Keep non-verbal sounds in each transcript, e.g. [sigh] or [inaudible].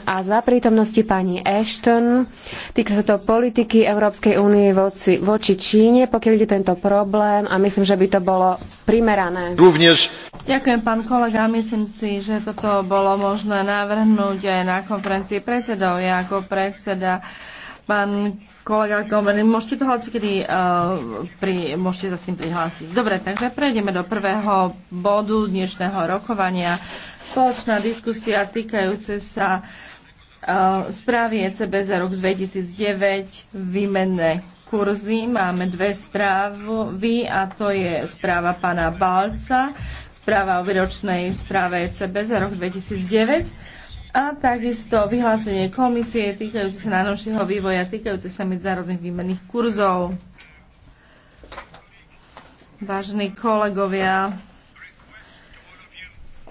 a za prítomnosti pani Ashton. Týka sa to politiky Európskej únie voči, voči Číne, pokiaľ ide tento problém a myslím, že by to bolo primerané. Ďakujem, pán kolega. Myslím si, že toto bolo možné navrhnúť aj na konferencii predsedov. Ja ako predseda pán kolega Gomery, môžete to hocikedy uh, eh, pri, môžete sa s tým prihlásiť. Dobre, takže prejdeme do prvého bodu dnešného rokovania spoločná diskusia týkajúce sa e, správy ECB za rok 2009, výmenné kurzy. Máme dve správy a to je správa pána Balca, správa o výročnej správe ECB za rok 2009 a takisto vyhlásenie komisie týkajúce sa najnovšieho vývoja, týkajúce sa medzárodných výmenných kurzov. Vážení kolegovia,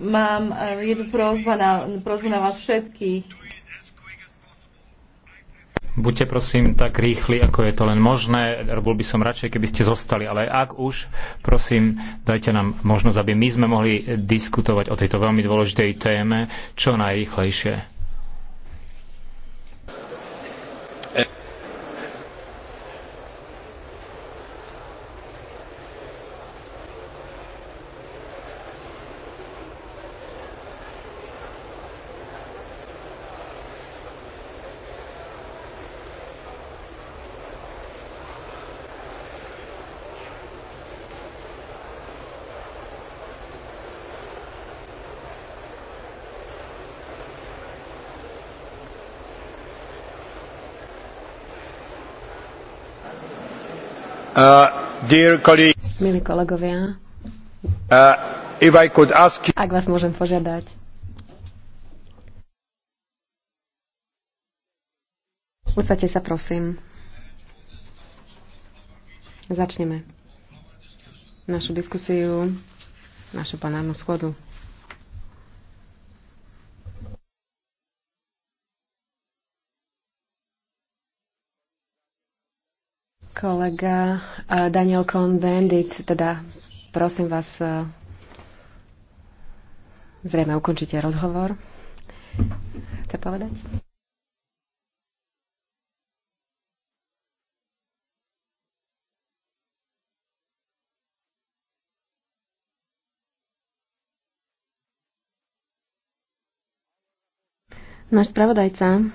Mám e, jednu prozbu na, prozbu na vás všetkých. Buďte prosím tak rýchli, ako je to len možné. Bol by som radšej, keby ste zostali, ale ak už, prosím, dajte nám možnosť, aby my sme mohli diskutovať o tejto veľmi dôležitej téme čo najrýchlejšie. Uh, Milí kolegovia, uh, if I could ask... ak vás môžem požiadať, usadte sa, prosím. Začneme našu diskusiu, našu panárnu schodu. Kolega Daniel Cohn-Bendit, teda prosím vás, zrejme ukončite rozhovor. Chce povedať? Náš spravodajca,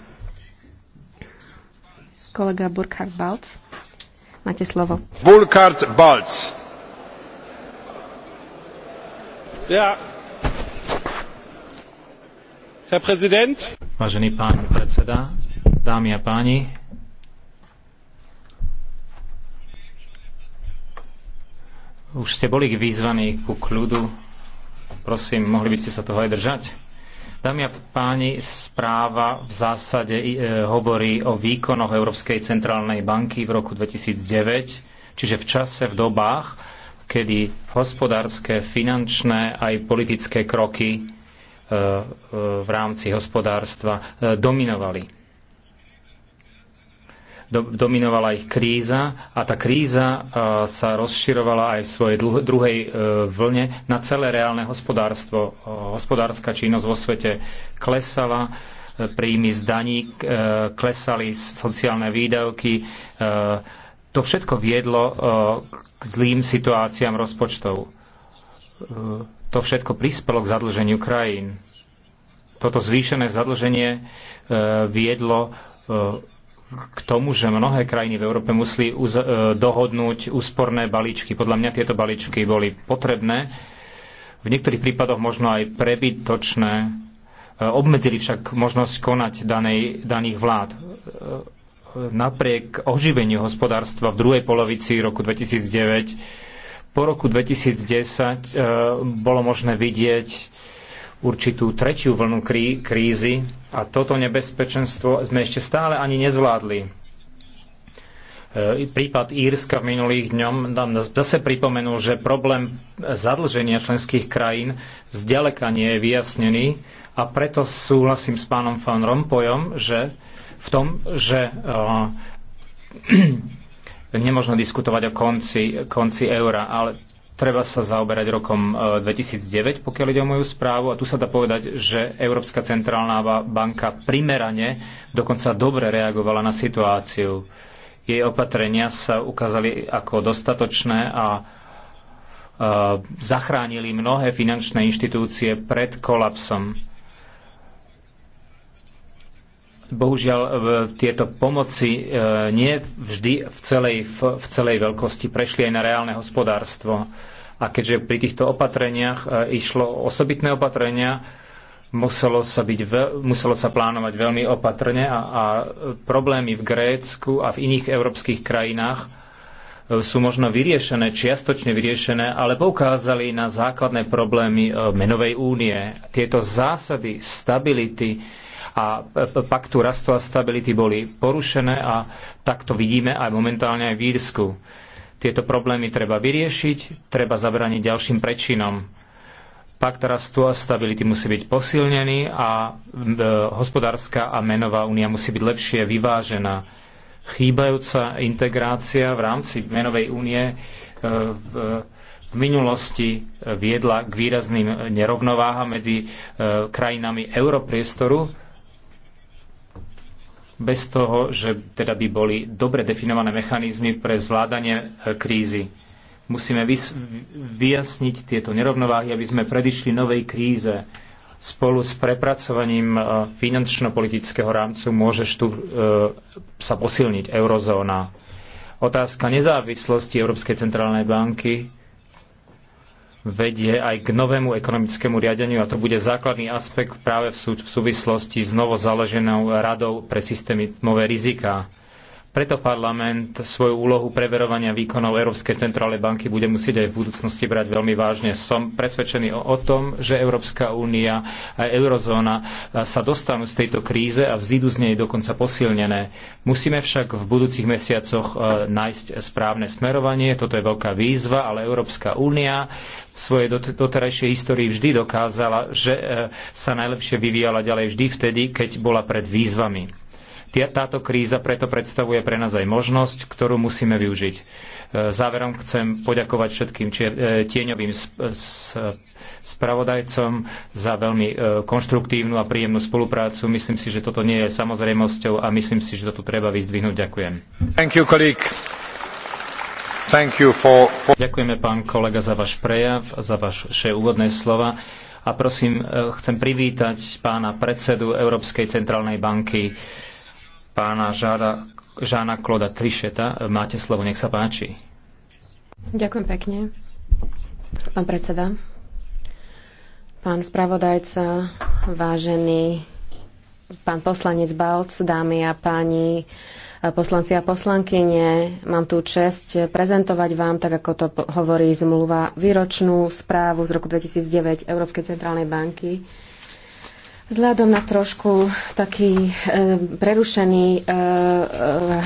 kolega Burkhard Balc, Máte slovo. Burkhard Balc. Herr Präsident. Vážený pán predseda, dámy a páni, už ste boli vyzvaní ku kľudu. Prosím, mohli by ste sa toho aj držať? Dámy a páni, správa v zásade e, hovorí o výkonoch Európskej centrálnej banky v roku 2009, čiže v čase, v dobách, kedy hospodárske, finančné aj politické kroky e, e, v rámci hospodárstva dominovali dominovala ich kríza a tá kríza e, sa rozširovala aj v svojej druhej e, vlne na celé reálne hospodárstvo. E, hospodárska činnosť vo svete klesala, príjmy z daní klesali, sociálne výdavky. To všetko viedlo k zlým situáciám rozpočtov. To všetko prispelo k zadlženiu krajín. Toto zvýšené zadlženie viedlo k tomu, že mnohé krajiny v Európe museli dohodnúť úsporné balíčky. Podľa mňa tieto balíčky boli potrebné, v niektorých prípadoch možno aj prebytočné. E, obmedzili však možnosť konať danej, daných vlád. E, napriek oživeniu hospodárstva v druhej polovici roku 2009, po roku 2010 e, bolo možné vidieť určitú tretiu vlnu krí- krízy a toto nebezpečenstvo sme ešte stále ani nezvládli. E, prípad Írska v minulých dňom nám zase pripomenul, že problém zadlženia členských krajín zďaleka nie je vyjasnený a preto súhlasím s pánom Van Rompojom, že v tom, že e, [clears throat] nemôžno diskutovať o konci, konci eura, ale treba sa zaoberať rokom 2009, e, pokiaľ ide o moju správu. A tu sa dá povedať, že Európska centrálna banka primerane, dokonca dobre reagovala na situáciu. Jej opatrenia sa ukázali ako dostatočné a e, zachránili mnohé finančné inštitúcie pred kolapsom. Bohužiaľ, e, tieto pomoci e, nie vždy v celej, v celej veľkosti prešli aj na reálne hospodárstvo. A keďže pri týchto opatreniach e, išlo osobitné opatrenia, muselo sa, byť muselo sa plánovať veľmi opatrne a, a problémy v Grécku a v iných európskych krajinách sú možno vyriešené, čiastočne vyriešené, ale poukázali na základné problémy menovej únie. Tieto zásady stability, a paktu rastu a stability boli porušené a tak to vidíme aj momentálne aj v Írsku. Tieto problémy treba vyriešiť, treba zabrániť ďalším prečinom. Pakt rastu a stability musí byť posilnený a e, hospodárska a menová únia musí byť lepšie vyvážená chýbajúca integrácia v rámci menovej únie e, v, v minulosti e, viedla k výrazným nerovnováhám medzi krajinami europriestoru bez toho, že teda by boli dobre definované mechanizmy pre zvládanie e, krízy. Musíme vyjasniť tieto nerovnováhy, aby sme predišli novej kríze. Spolu s prepracovaním e, finančno-politického rámcu môže štú, e, sa posilniť eurozóna. Otázka nezávislosti Európskej centrálnej banky vedie aj k novému ekonomickému riadeniu a to bude základný aspekt práve v, súvislosti s novozaloženou radou pre systémové riziká. Preto parlament svoju úlohu preverovania výkonov Európskej centrálnej banky bude musieť aj v budúcnosti brať veľmi vážne. Som presvedčený o, tom, že Európska únia a eurozóna sa dostanú z tejto kríze a vzídu z nej dokonca posilnené. Musíme však v budúcich mesiacoch e, nájsť správne smerovanie. Toto je veľká výzva, ale Európska únia v svojej doterajšej histórii vždy dokázala, že e, sa najlepšie vyvíjala ďalej vždy vtedy, keď bola pred výzvami táto kríza preto predstavuje pre nás aj možnosť, ktorú musíme využiť. E, záverom chcem poďakovať všetkým e, tieňovým spravodajcom za veľmi e, konštruktívnu a príjemnú spoluprácu. Myslím si, že toto nie je samozrejmosťou a myslím si, že to tu treba vyzdvihnúť. Ďakujem. Thank you, Thank you for, for... Ďakujeme, pán kolega, za váš prejav, za vaše úvodné slova. A prosím, chcem privítať pána predsedu Európskej centrálnej banky, pána Žára, Žána Kloda Trišeta. Máte slovo, nech sa páči. Ďakujem pekne. Pán predseda, pán spravodajca, vážený pán poslanec Balc, dámy a páni poslanci a poslankyne. Mám tu čest prezentovať vám, tak ako to hovorí zmluva, výročnú správu z roku 2009 Európskej centrálnej banky Vzhľadom na trošku taký e, prerušený e, e,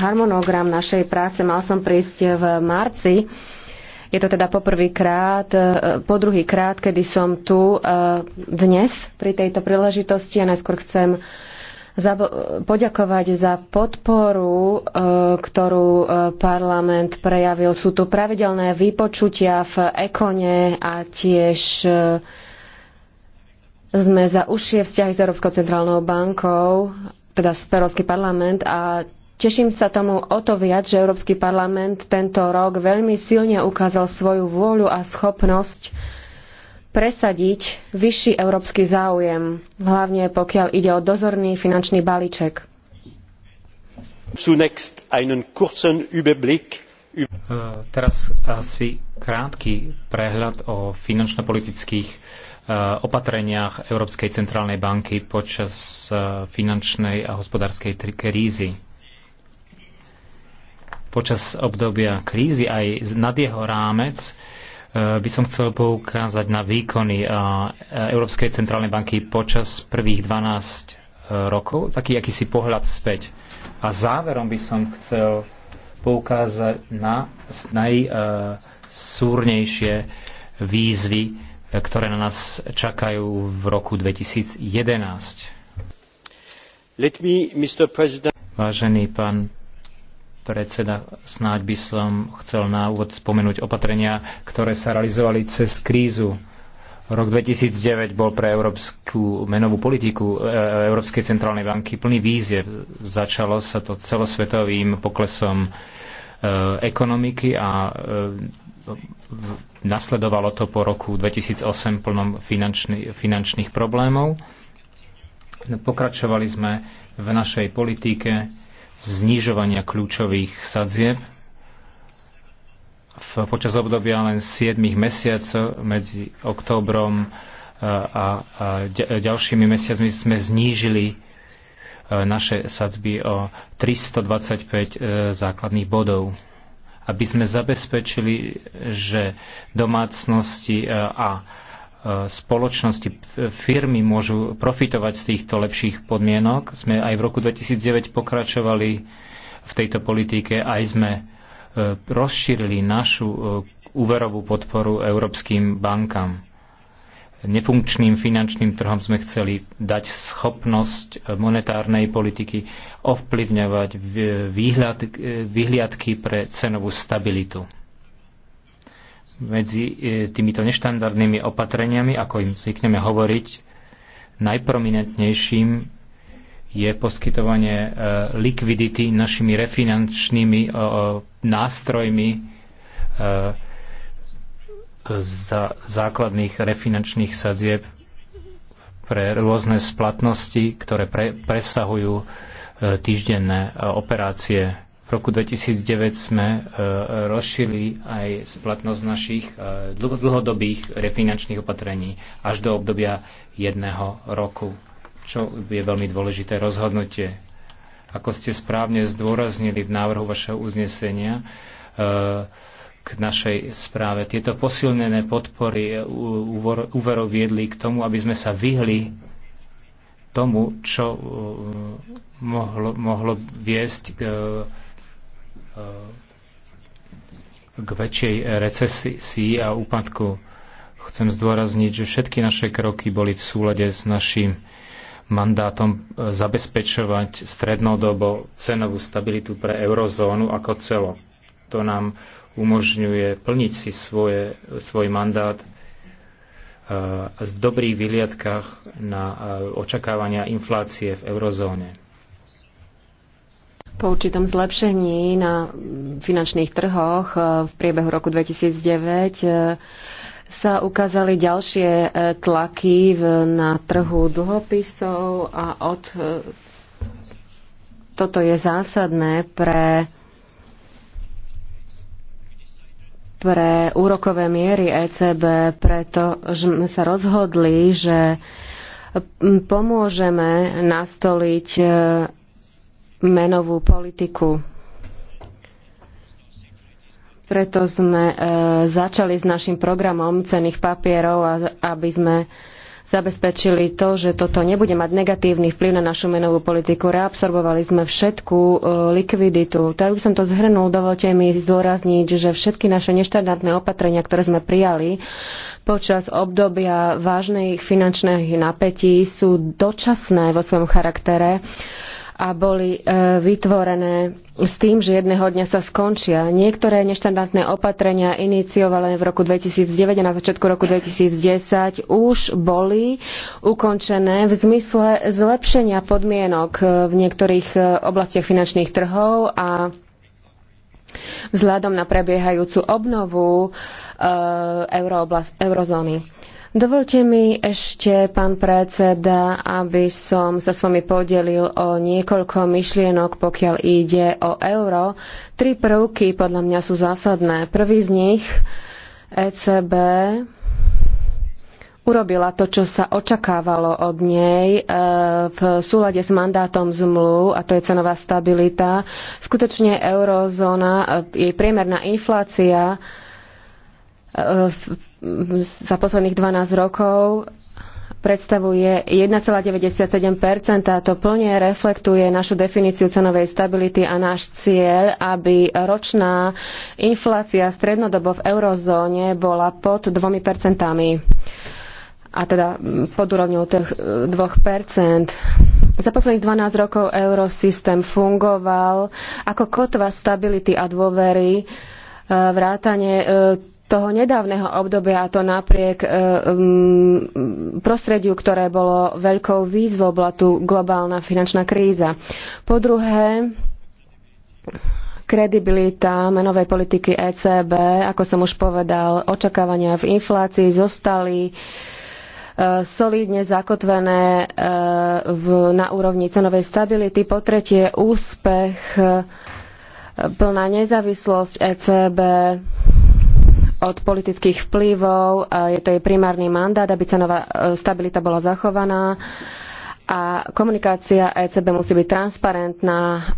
harmonogram našej práce, mal som prísť v marci. Je to teda poprvýkrát, e, po druhý krát, kedy som tu e, dnes pri tejto príležitosti a najskôr chcem za, poďakovať za podporu, e, ktorú e, parlament prejavil. Sú tu pravidelné vypočutia v Ekone a tiež e, sme za užšie vzťahy s Európskou centrálnou bankou, teda s Európsky parlament a Teším sa tomu o to viac, že Európsky parlament tento rok veľmi silne ukázal svoju vôľu a schopnosť presadiť vyšší európsky záujem, hlavne pokiaľ ide o dozorný finančný balíček. Teraz asi krátky prehľad o finančno-politických Eh, opatreniach Európskej centrálnej banky počas eh, finančnej a hospodárskej krízy. Počas obdobia krízy aj nad jeho rámec eh, by som chcel poukázať na výkony Európskej centrálnej banky počas prvých 12 rokov, taký akýsi pohľad späť. A záverom by som chcel poukázať na najsúrnejšie výzvy, ktoré na nás čakajú v roku 2011. Vážený pán predseda, snáď by som chcel na úvod spomenúť opatrenia, ktoré sa realizovali cez krízu. Rok 2009 bol pre európsku menovú politiku e, Európskej centrálnej banky plný výziev. Začalo sa to celosvetovým poklesom e, ekonomiky a e, nasledovalo to po roku 2008 plnom finančný, finančných problémov. Pokračovali sme v našej politike znižovania kľúčových sadzieb v, počas obdobia len 7 mesiacov medzi októbrom e, a, a ďalšími mesiacmi sme znížili e, naše sadzby o 325 e, základných bodov aby sme zabezpečili, že domácnosti e, a e, spoločnosti, firmy môžu profitovať z týchto lepších podmienok. Sme aj v roku 2009 pokračovali v tejto politike, aj sme e, rozšírili našu úverovú podporu európskym bankám nefunkčným finančným trhom sme chceli dať schopnosť monetárnej politiky ovplyvňovať výhľad, výhliadky pre cenovú stabilitu. Medzi e, týmito neštandardnými opatreniami, ako im zvykneme hovoriť, najprominentnejším je poskytovanie e, likvidity našimi refinančnými nástrojmi, e, za základných refinančných sadzieb pre rôzne splatnosti, ktoré pre, presahujú e, týždenné e, operácie. V roku 2009 sme e, rozšili aj splatnosť našich dlhodobých refinančných opatrení až do obdobia jedného roku, čo je veľmi dôležité rozhodnutie. Ako ste správne zdôraznili v návrhu vašeho uznesenia, k našej správe. Tieto posilnené podpory úverov viedli k tomu, aby sme sa vyhli tomu, čo uh, mohlo, mohlo viesť k, uh, uh, k väčšej recesii a úpadku. Chcem zdôrazniť, že všetky naše kroky boli v súlade s našim mandátom zabezpečovať strednodobo cenovú stabilitu pre eurozónu ako celo. To nám umožňuje plniť si svoje, svoj mandát e, v dobrých vyliadkách na e, očakávania inflácie v eurozóne. Po určitom zlepšení na finančných trhoch e, v priebehu roku 2009 sa ukázali ďalšie tlaky na trhu dlhopisov a od... toto je zásadné pre pre úrokové miery ECB, pretože sme sa rozhodli, že pomôžeme nastoliť e, menovú politiku. Preto sme e, začali s našim programom cených papierov, aby sme zabezpečili to, že toto nebude mať negatívny vplyv na našu menovú politiku. Reabsorbovali sme všetku e, likviditu. Tak by som to zhrnul, dovolte mi zdôrazniť, že všetky naše neštandardné opatrenia, ktoré sme prijali počas obdobia vážnych finančných napätí, sú dočasné vo svojom charaktere a boli e, vytvorené s tým, že jedného dňa sa skončia. Niektoré neštandardné opatrenia iniciované v roku 2009 a na začiatku roku 2010 už boli ukončené v zmysle zlepšenia podmienok e, v niektorých e, oblastiach finančných trhov a vzhľadom na prebiehajúcu obnovu eurozóny. Dovolte mi ešte, pán predseda, aby som sa s vami podelil o niekoľko myšlienok, pokiaľ ide o euro. Tri prvky podľa mňa sú zásadné. Prvý z nich ECB urobila to, čo sa očakávalo od nej e, v súlade s mandátom zmluv, a to je cenová stabilita. Skutočne eurozóna, e, jej priemerná inflácia Eh, za posledných 12 rokov predstavuje 1,97 a to plne reflektuje našu definíciu cenovej stability a náš cieľ, aby ročná inflácia strednodobo v eurozóne bola pod 2 percentami a teda mm, pod úrovňou tých 2 eh, Za posledných 12 rokov eurosystém fungoval ako kotva stability a dôvery eh, vrátane toho nedávneho obdobia, a to napriek e, mm, prostrediu, ktoré bolo veľkou výzvou, bola tu globálna finančná kríza. Po druhé, kredibilita menovej politiky ECB, ako som už povedal, očakávania v inflácii zostali e, solidne zakotvené e, v, na úrovni cenovej stability. Po tretie, úspech, plná nezávislosť ECB, od politických vplyvov. Je to jej primárny mandát, aby cenová e, stabilita bola zachovaná. A komunikácia ECB musí byť transparentná.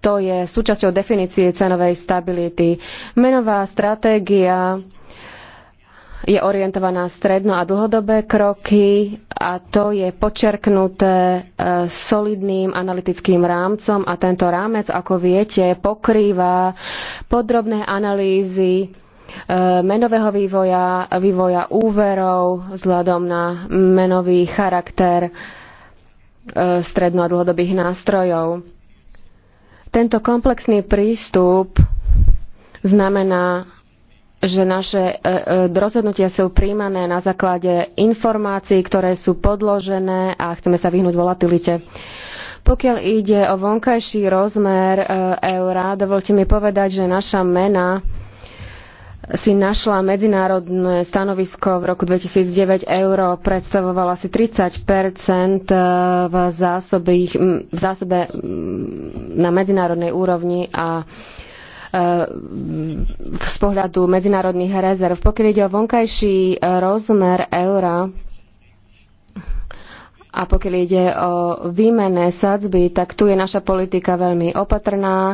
To je súčasťou definície cenovej stability. Menová stratégia je orientovaná stredno a dlhodobé kroky a to je počerknuté e, solidným analytickým rámcom a tento rámec, ako viete, pokrýva podrobné analýzy E, menového vývoja, vývoja úverov vzhľadom na menový charakter e, stredno- a dlhodobých nástrojov. Tento komplexný prístup znamená, že naše e, rozhodnutia sú príjmané na základe informácií, ktoré sú podložené a chceme sa vyhnúť volatilite. Pokiaľ ide o vonkajší rozmer eura, dovolte mi povedať, že naša mena si našla medzinárodné stanovisko v roku 2009 euro, predstavovala si 30 eh, v, zásobe, v zásobe na medzinárodnej úrovni a eh, z pohľadu medzinárodných rezerv. Pokiaľ ide o vonkajší eh, rozmer eura a pokiaľ ide o výmenné sadzby, tak tu je naša politika veľmi opatrná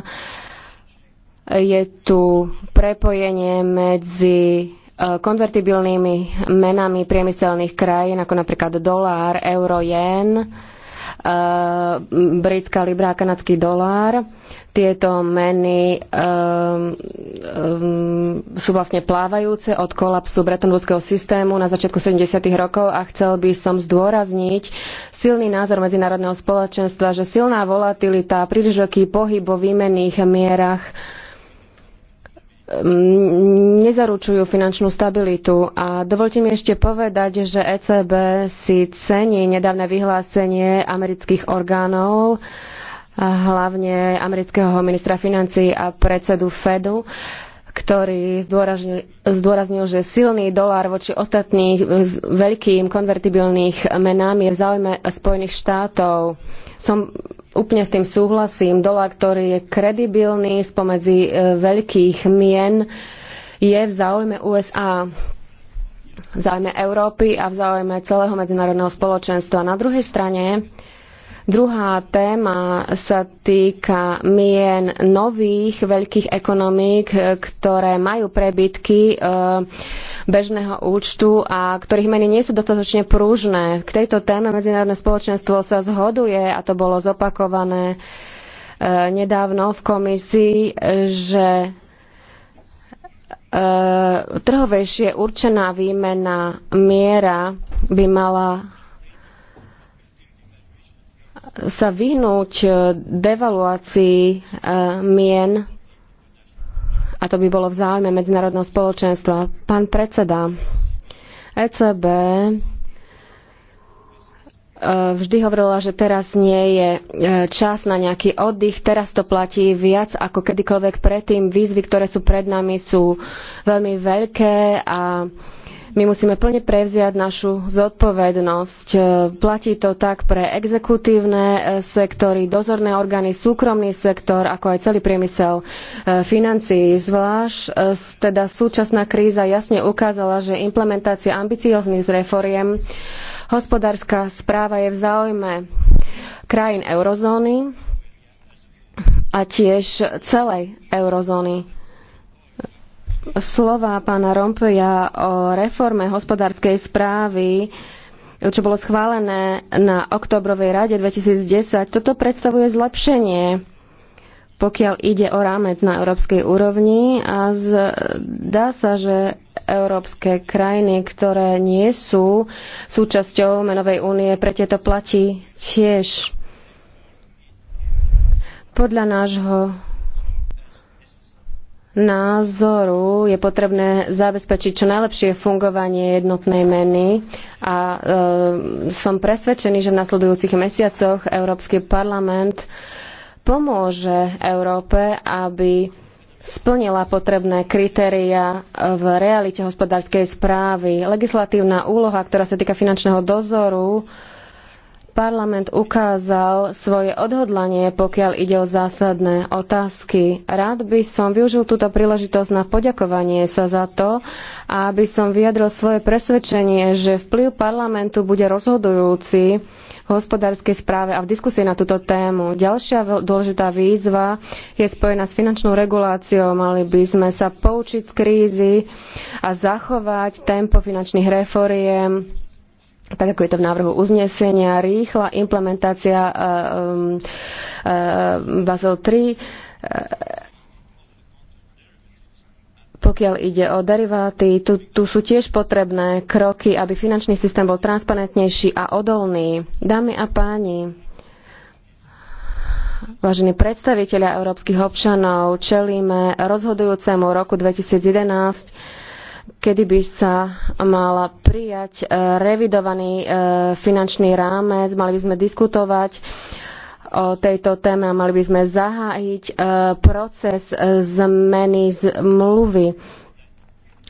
je tu prepojenie medzi e, konvertibilnými menami priemyselných krajín, ako napríklad dolár, euro, jen, e, britská libra a kanadský dolár. Tieto meny e, sú vlastne plávajúce od kolapsu bretonvudského systému na začiatku 70. rokov a chcel by som zdôrazniť silný názor medzinárodného spoločenstva, že silná volatilita, príliš veľký pohyb vo výmenných mierach nezaručujú finančnú stabilitu. A dovolte mi ešte povedať, že ECB si cení nedávne vyhlásenie amerických orgánov, hlavne amerického ministra financí a predsedu Fedu, ktorý zdôraznil, zdôraznil, že silný dolár voči ostatným veľkým konvertibilných menám je v záujme Spojených štátov. Som úplne s tým súhlasím. Dolár, ktorý je kredibilný spomedzi e, veľkých mien, je v záujme USA v záujme Európy a v záujme celého medzinárodného spoločenstva. Na druhej strane Druhá téma sa týka mien nových veľkých ekonomík, ktoré majú prebytky e, bežného účtu a ktorých meny nie sú dostatočne prúžne. K tejto téme medzinárodné spoločenstvo sa zhoduje a to bolo zopakované e, nedávno v komisii, že e, trhovejšie určená výmena miera by mala sa vyhnúť e, devaluácii e, mien a to by bolo v záujme medzinárodného spoločenstva. Pán predseda, ECB e, vždy hovorila, že teraz nie je čas na nejaký oddych, teraz to platí viac ako kedykoľvek predtým. Výzvy, ktoré sú pred nami, sú veľmi veľké a my musíme plne prevziať našu zodpovednosť. E, platí to tak pre exekutívne e, sektory, dozorné orgány, súkromný sektor, ako aj celý priemysel e, financií. Zvlášť teda súčasná kríza jasne ukázala, že implementácia ambicióznych reforiem hospodárska správa je v záujme krajín eurozóny a tiež celej eurozóny slova pána Rompeja o reforme hospodárskej správy, čo bolo schválené na oktobrovej rade 2010, toto predstavuje zlepšenie pokiaľ ide o rámec na európskej úrovni a zdá sa, že európske krajiny, ktoré nie sú súčasťou menovej únie, pre tieto platí tiež podľa nášho názoru je potrebné zabezpečiť čo najlepšie fungovanie jednotnej meny a e, som presvedčený, že v nasledujúcich mesiacoch Európsky parlament pomôže Európe, aby splnila potrebné kritéria v realite hospodárskej správy. Legislatívna úloha, ktorá sa týka finančného dozoru, e, Parlament ukázal svoje odhodlanie, pokiaľ ide o zásadné otázky. Rád by som využil túto príležitosť na poďakovanie sa za to, aby som vyjadril svoje presvedčenie, že vplyv parlamentu bude rozhodujúci v hospodárskej správe a v diskusii na túto tému. Ďalšia dôležitá výzva je spojená s finančnou reguláciou. Mali by sme sa poučiť z krízy a zachovať tempo finančných reforiem tak ako je to v návrhu uznesenia, rýchla implementácia e, e, um, uh, Basel 3, pokiaľ ide o deriváty, tu, tu sú tiež potrebné kroky, aby finančný systém bol transparentnejší a odolný. Dámy a páni, vážení predstaviteľia európskych občanov, čelíme rozhodujúcemu roku 2011 kedy by sa mala prijať e, revidovaný e, finančný rámec, mali by sme diskutovať o tejto téme a mali by sme zahájiť e, proces zmeny zmluvy.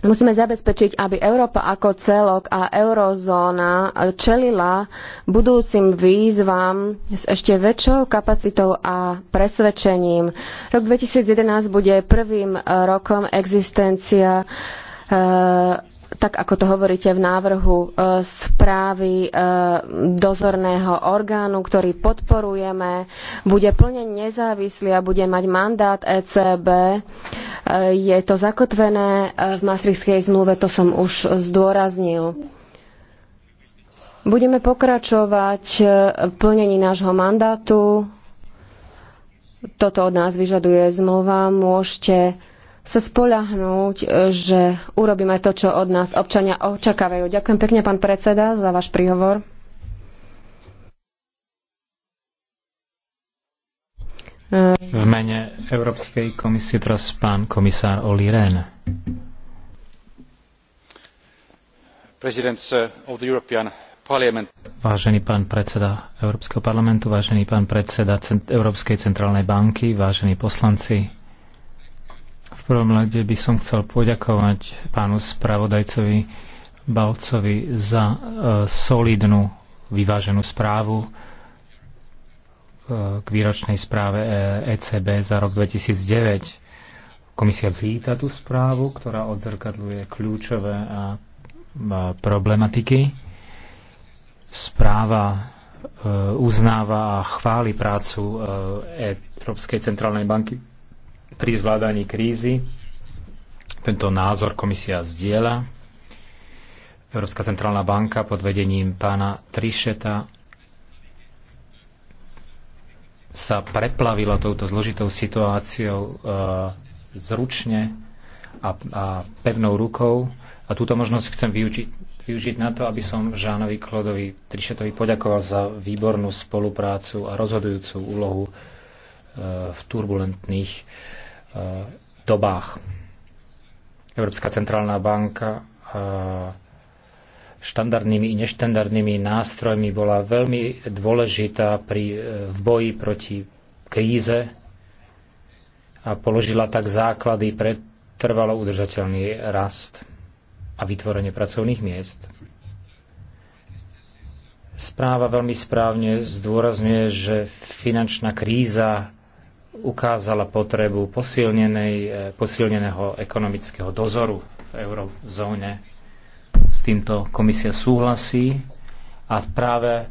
Musíme zabezpečiť, aby Európa ako celok a eurozóna čelila budúcim výzvam s ešte väčšou kapacitou a presvedčením. Rok 2011 bude prvým rokom existencia uh, E, tak ako to hovoríte v návrhu e, správy e, dozorného orgánu, ktorý podporujeme, bude plne nezávislý a bude mať mandát ECB. Je to zakotvené v Maastrichtskej zmluve, to som už zdôraznil. Budeme pokračovať v plnení nášho mandátu. Toto od nás vyžaduje zmluva. Môžete sa spolahnúť, e, že urobíme to, čo od nás občania očakávajú. Ďakujem pekne, pán predseda, za váš príhovor. V mene Európskej komisie teraz pán komisár Oli Rehn. Uh, vážený pán predseda Európskeho parlamentu, vážený pán predseda Európskej centrálnej banky, vážení poslanci, v prvom rade by som chcel poďakovať pánu spravodajcovi Balcovi za e, solidnú, vyváženú správu e, k výročnej správe ECB e za rok 2009. Komisia víta tú správu, ktorá odzrkadluje kľúčové a, a problematiky. Správa e, uznáva a chváli prácu e, Európskej centrálnej banky pri zvládaní krízy. Tento názor komisia zdieľa. Európska centrálna banka pod vedením pána Trišeta sa preplavila touto zložitou situáciou e, zručne a, a pevnou rukou. A túto možnosť chcem využiť, využiť na to, aby som Žánovi Klodovi Trišetovi poďakoval za výbornú spoluprácu a rozhodujúcu úlohu e, v turbulentných Eh, dobách. Európska centrálna banka eh, štandardnými i neštandardnými nástrojmi bola veľmi dôležitá pri, eh, v boji proti kríze a položila tak základy pre trvalo udržateľný rast a vytvorenie pracovných miest. Správa veľmi správne zdôrazňuje, že finančná kríza ukázala potrebu eh, posilneného ekonomického dozoru v eurozóne. S týmto komisia súhlasí a práve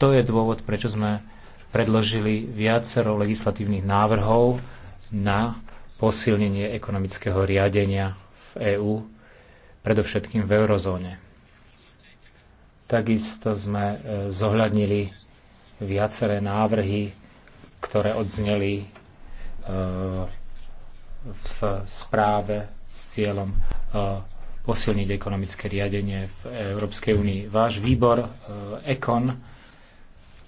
to je dôvod, prečo sme predložili viacero legislatívnych návrhov na posilnenie ekonomického riadenia v EÚ, predovšetkým v eurozóne. Takisto sme eh, zohľadnili viaceré návrhy ktoré odzneli e, v správe s cieľom e, posilniť ekonomické riadenie v Európskej únii. Váš výbor ECON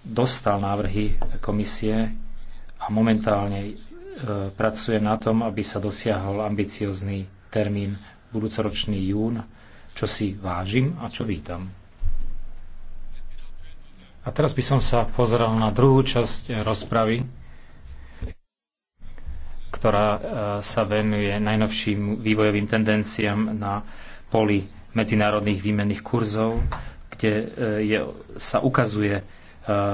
dostal návrhy komisie a momentálne e, pracuje na tom, aby sa dosiahol ambiciózny termín budúcoročný jún, čo si vážim a čo vítam. A teraz by som sa pozrel na druhú časť rozpravy, ktorá e, sa venuje najnovším vývojovým tendenciám na poli medzinárodných výmenných kurzov, kde e, je, sa ukazuje e,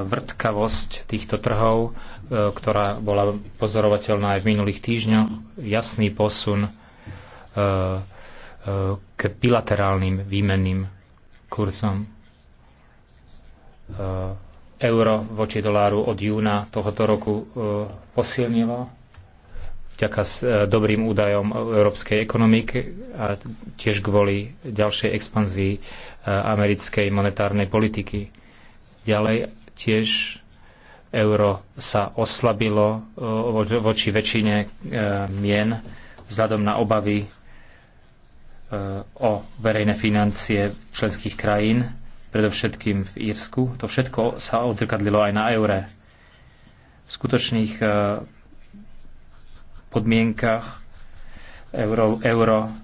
vrtkavosť týchto trhov, ktorá bola pozorovateľná aj v minulých týždňoch, jasný posun k bilaterálnym výmenným kurzom Eh, euro voči doláru od júna tohoto roku eh, posilnilo vďaka eh, dobrým údajom európskej ekonomiky a tiež kvôli ďalšej expanzii americkej monetárnej politiky. Ďalej tiež euro sa oslabilo voči väčšine mien vzhľadom na obavy o verejné financie členských krajín predovšetkým v Írsku. To všetko sa odzrkadlilo aj na eure. V skutočných e, podmienkach euro, euro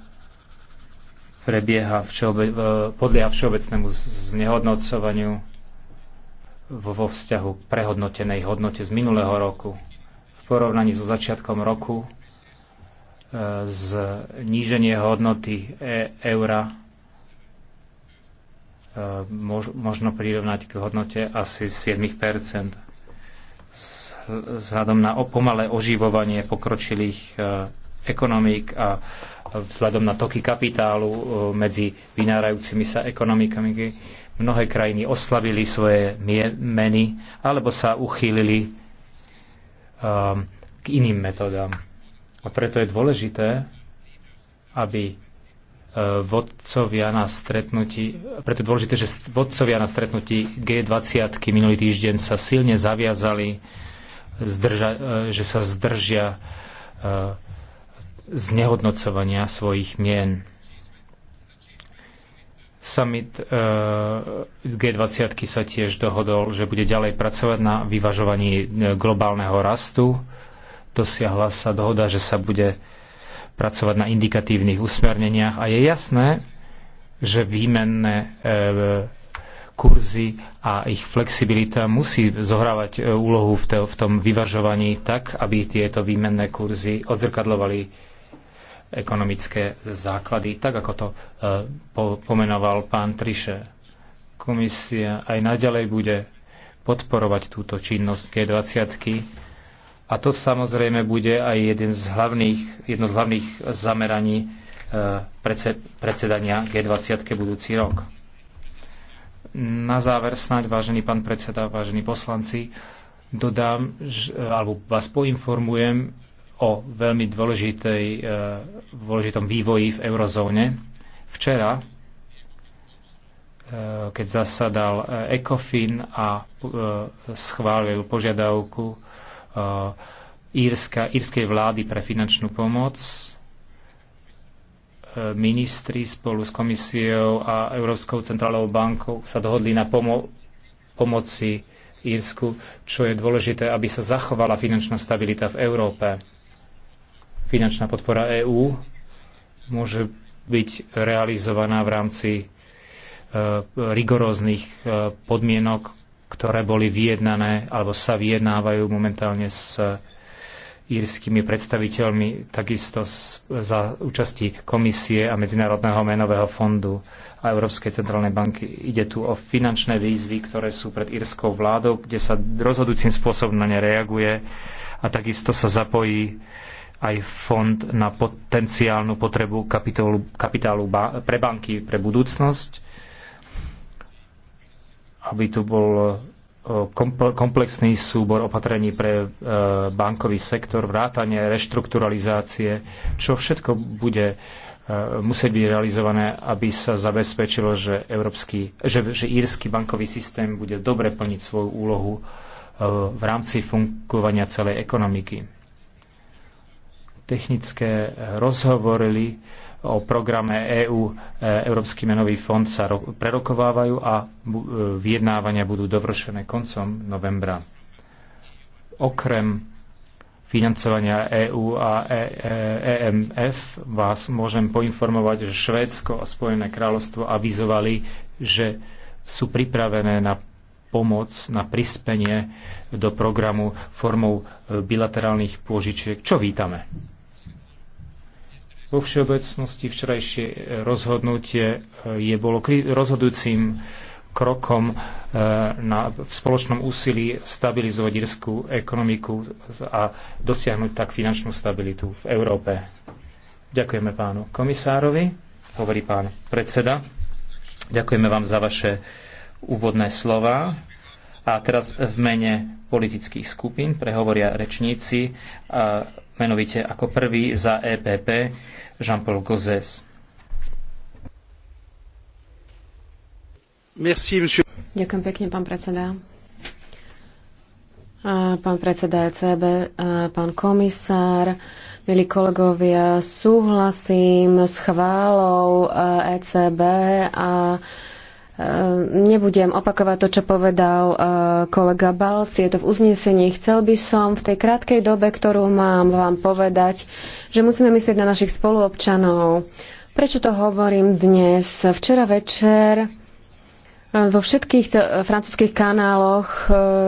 prebieha všeobe, e, podlieha všeobecnému znehodnocovaniu vo vzťahu k prehodnotenej hodnote z minulého roku. V porovnaní so začiatkom roku e, zníženie hodnoty e eura možno prirovnať k hodnote asi 7 vzhľadom na opomalé oživovanie pokročilých e, ekonomík a vzhľadom na toky kapitálu e, medzi vynárajúcimi sa ekonomikami. Mnohé krajiny oslabili svoje meny alebo sa uchýlili e, k iným metodám. A preto je dôležité, aby vodcovia na stretnutí, preto je dôležité, že vodcovia na stretnutí G20 minulý týždeň sa silne zaviazali, zdrža, e, že sa zdržia e, znehodnocovania svojich mien. Summit e, G20 sa tiež dohodol, že bude ďalej pracovať na vyvažovaní globálneho rastu. Dosiahla sa dohoda, že sa bude pracovať na indikatívnych usmerneniach a je jasné, že výmenné e, kurzy a ich flexibilita musí zohrávať e, úlohu v, v tom vyvažovaní tak, aby tieto výmenné kurzy odzrkadlovali ekonomické základy, tak ako to e, pomenoval pán Triše. Komisia aj naďalej bude podporovať túto činnosť G20 a to samozrejme bude aj jeden z hlavných, jedno z hlavných zameraní e, predsedania G20 budúci rok. Na záver snáď, vážený pán predseda, vážení poslanci, dodám, e, alebo vás poinformujem o veľmi dôležitej, e, dôležitom vývoji v eurozóne. Včera, keď zasadal ECOFIN a schválil požiadavku Eh, írska, írskej vlády pre finančnú pomoc. Eh, ministri spolu s komisiou a Európskou centrálnou bankou sa dohodli na pomo- pomoci Írsku, čo je dôležité, aby sa zachovala finančná stabilita v Európe. Finančná podpora EÚ môže byť realizovaná v rámci eh, rigoróznych podmienok, ktoré boli vyjednané alebo sa vyjednávajú momentálne s írskymi predstaviteľmi, takisto za účasti komisie a Medzinárodného menového fondu a Európskej centrálnej banky. Ide tu o finančné výzvy, ktoré sú pred írskou vládou, kde sa rozhodujúcim spôsobom na ne reaguje a takisto sa zapojí aj fond na potenciálnu potrebu kapitálu, kapitálu ba- pre banky pre budúcnosť aby tu bol e, komplexný súbor opatrení pre e, bankový sektor, vrátanie, reštrukturalizácie, čo všetko bude e, musieť byť realizované, aby sa zabezpečilo, že, európsky, že, že írsky bankový systém bude dobre plniť svoju úlohu v rámci fungovania celej ekonomiky. Technické rozhovory o programe EÚ, e, Európsky menový fond sa prerokovávajú a e, vyjednávania budú dovršené koncom novembra. Okrem financovania EÚ a EMF e, vás môžem poinformovať, že Švédsko a Spojené kráľovstvo avizovali, že sú pripravené na pomoc, na prispenie do programu formou bilaterálnych pôžičiek, čo vítame. Vo všeobecnosti včerajšie e, rozhodnutie e, je bolo rozhodujúcim krokom e, na, v spoločnom úsilí stabilizovať irskú ekonomiku a dosiahnuť tak finančnú stabilitu v Európe. Ďakujeme pánu komisárovi, hovorí pán predseda. Ďakujeme vám za vaše úvodné slova. A teraz v mene politických skupín prehovoria rečníci. A menovite ako prvý za EPP Jean-Paul Gauzès. Merci, monsieur. Ďakujem pekne, pán predseda. Pán predseda ECB, pán komisár, milí kolegovia, súhlasím s chválou ECB e a Ehm, nebudem opakovať to, čo povedal ehm, kolega Balc, je to v uznesení. Chcel by som v tej krátkej dobe, ktorú mám, vám povedať, že musíme myslieť na našich spoluobčanov. Prečo to hovorím dnes? Včera večer ehm, vo všetkých e, francúzských kanáloch e,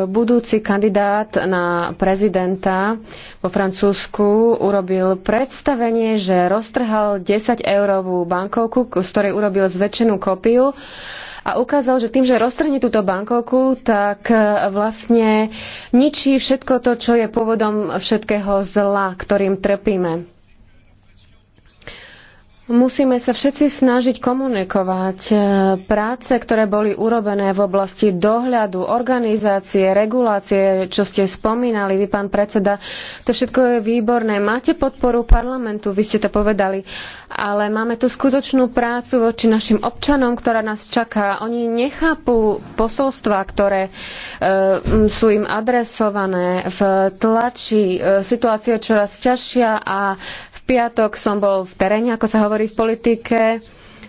budúci kandidát na prezidenta vo Francúzsku urobil predstavenie, že roztrhal 10-eurovú bankovku, z ktorej urobil zväčšenú kopiu a ukázal, že tým, že roztrhne túto bankovku, tak e, vlastne ničí všetko to, čo je pôvodom všetkého zla, ktorým trpíme. Musíme sa všetci snažiť komunikovať. E, práce, ktoré boli urobené v oblasti dohľadu, organizácie, regulácie, čo ste spomínali, vy pán predseda, to všetko je výborné. Máte podporu parlamentu, vy ste to povedali ale máme tu skutočnú prácu voči našim občanom, ktorá nás čaká. Oni nechápu posolstva, ktoré e, sú im adresované v tlači. E, situácia je čoraz ťažšia a v piatok som bol v teréne, ako sa hovorí v politike.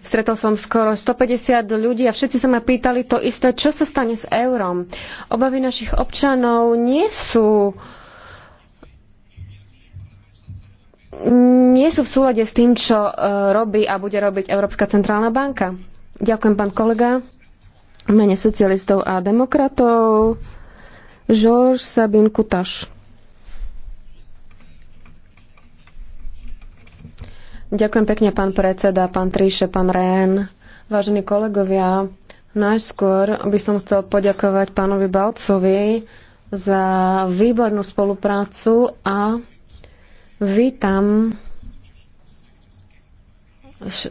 Stretol som skoro 150 ľudí a všetci sa ma pýtali to isté, čo sa stane s eurom. Obavy našich občanov nie sú uh, nie sú v súlade s tým, čo e, robí a bude robiť Európska centrálna banka. Ďakujem, pán kolega. V mene socialistov a demokratov Žorž Sabin Kutaš. Ďakujem pekne, pán predseda, pán Tríše, pán Rén. Vážení kolegovia, najskôr by som chcel poďakovať pánovi Balcovi za výbornú spoluprácu a Vítam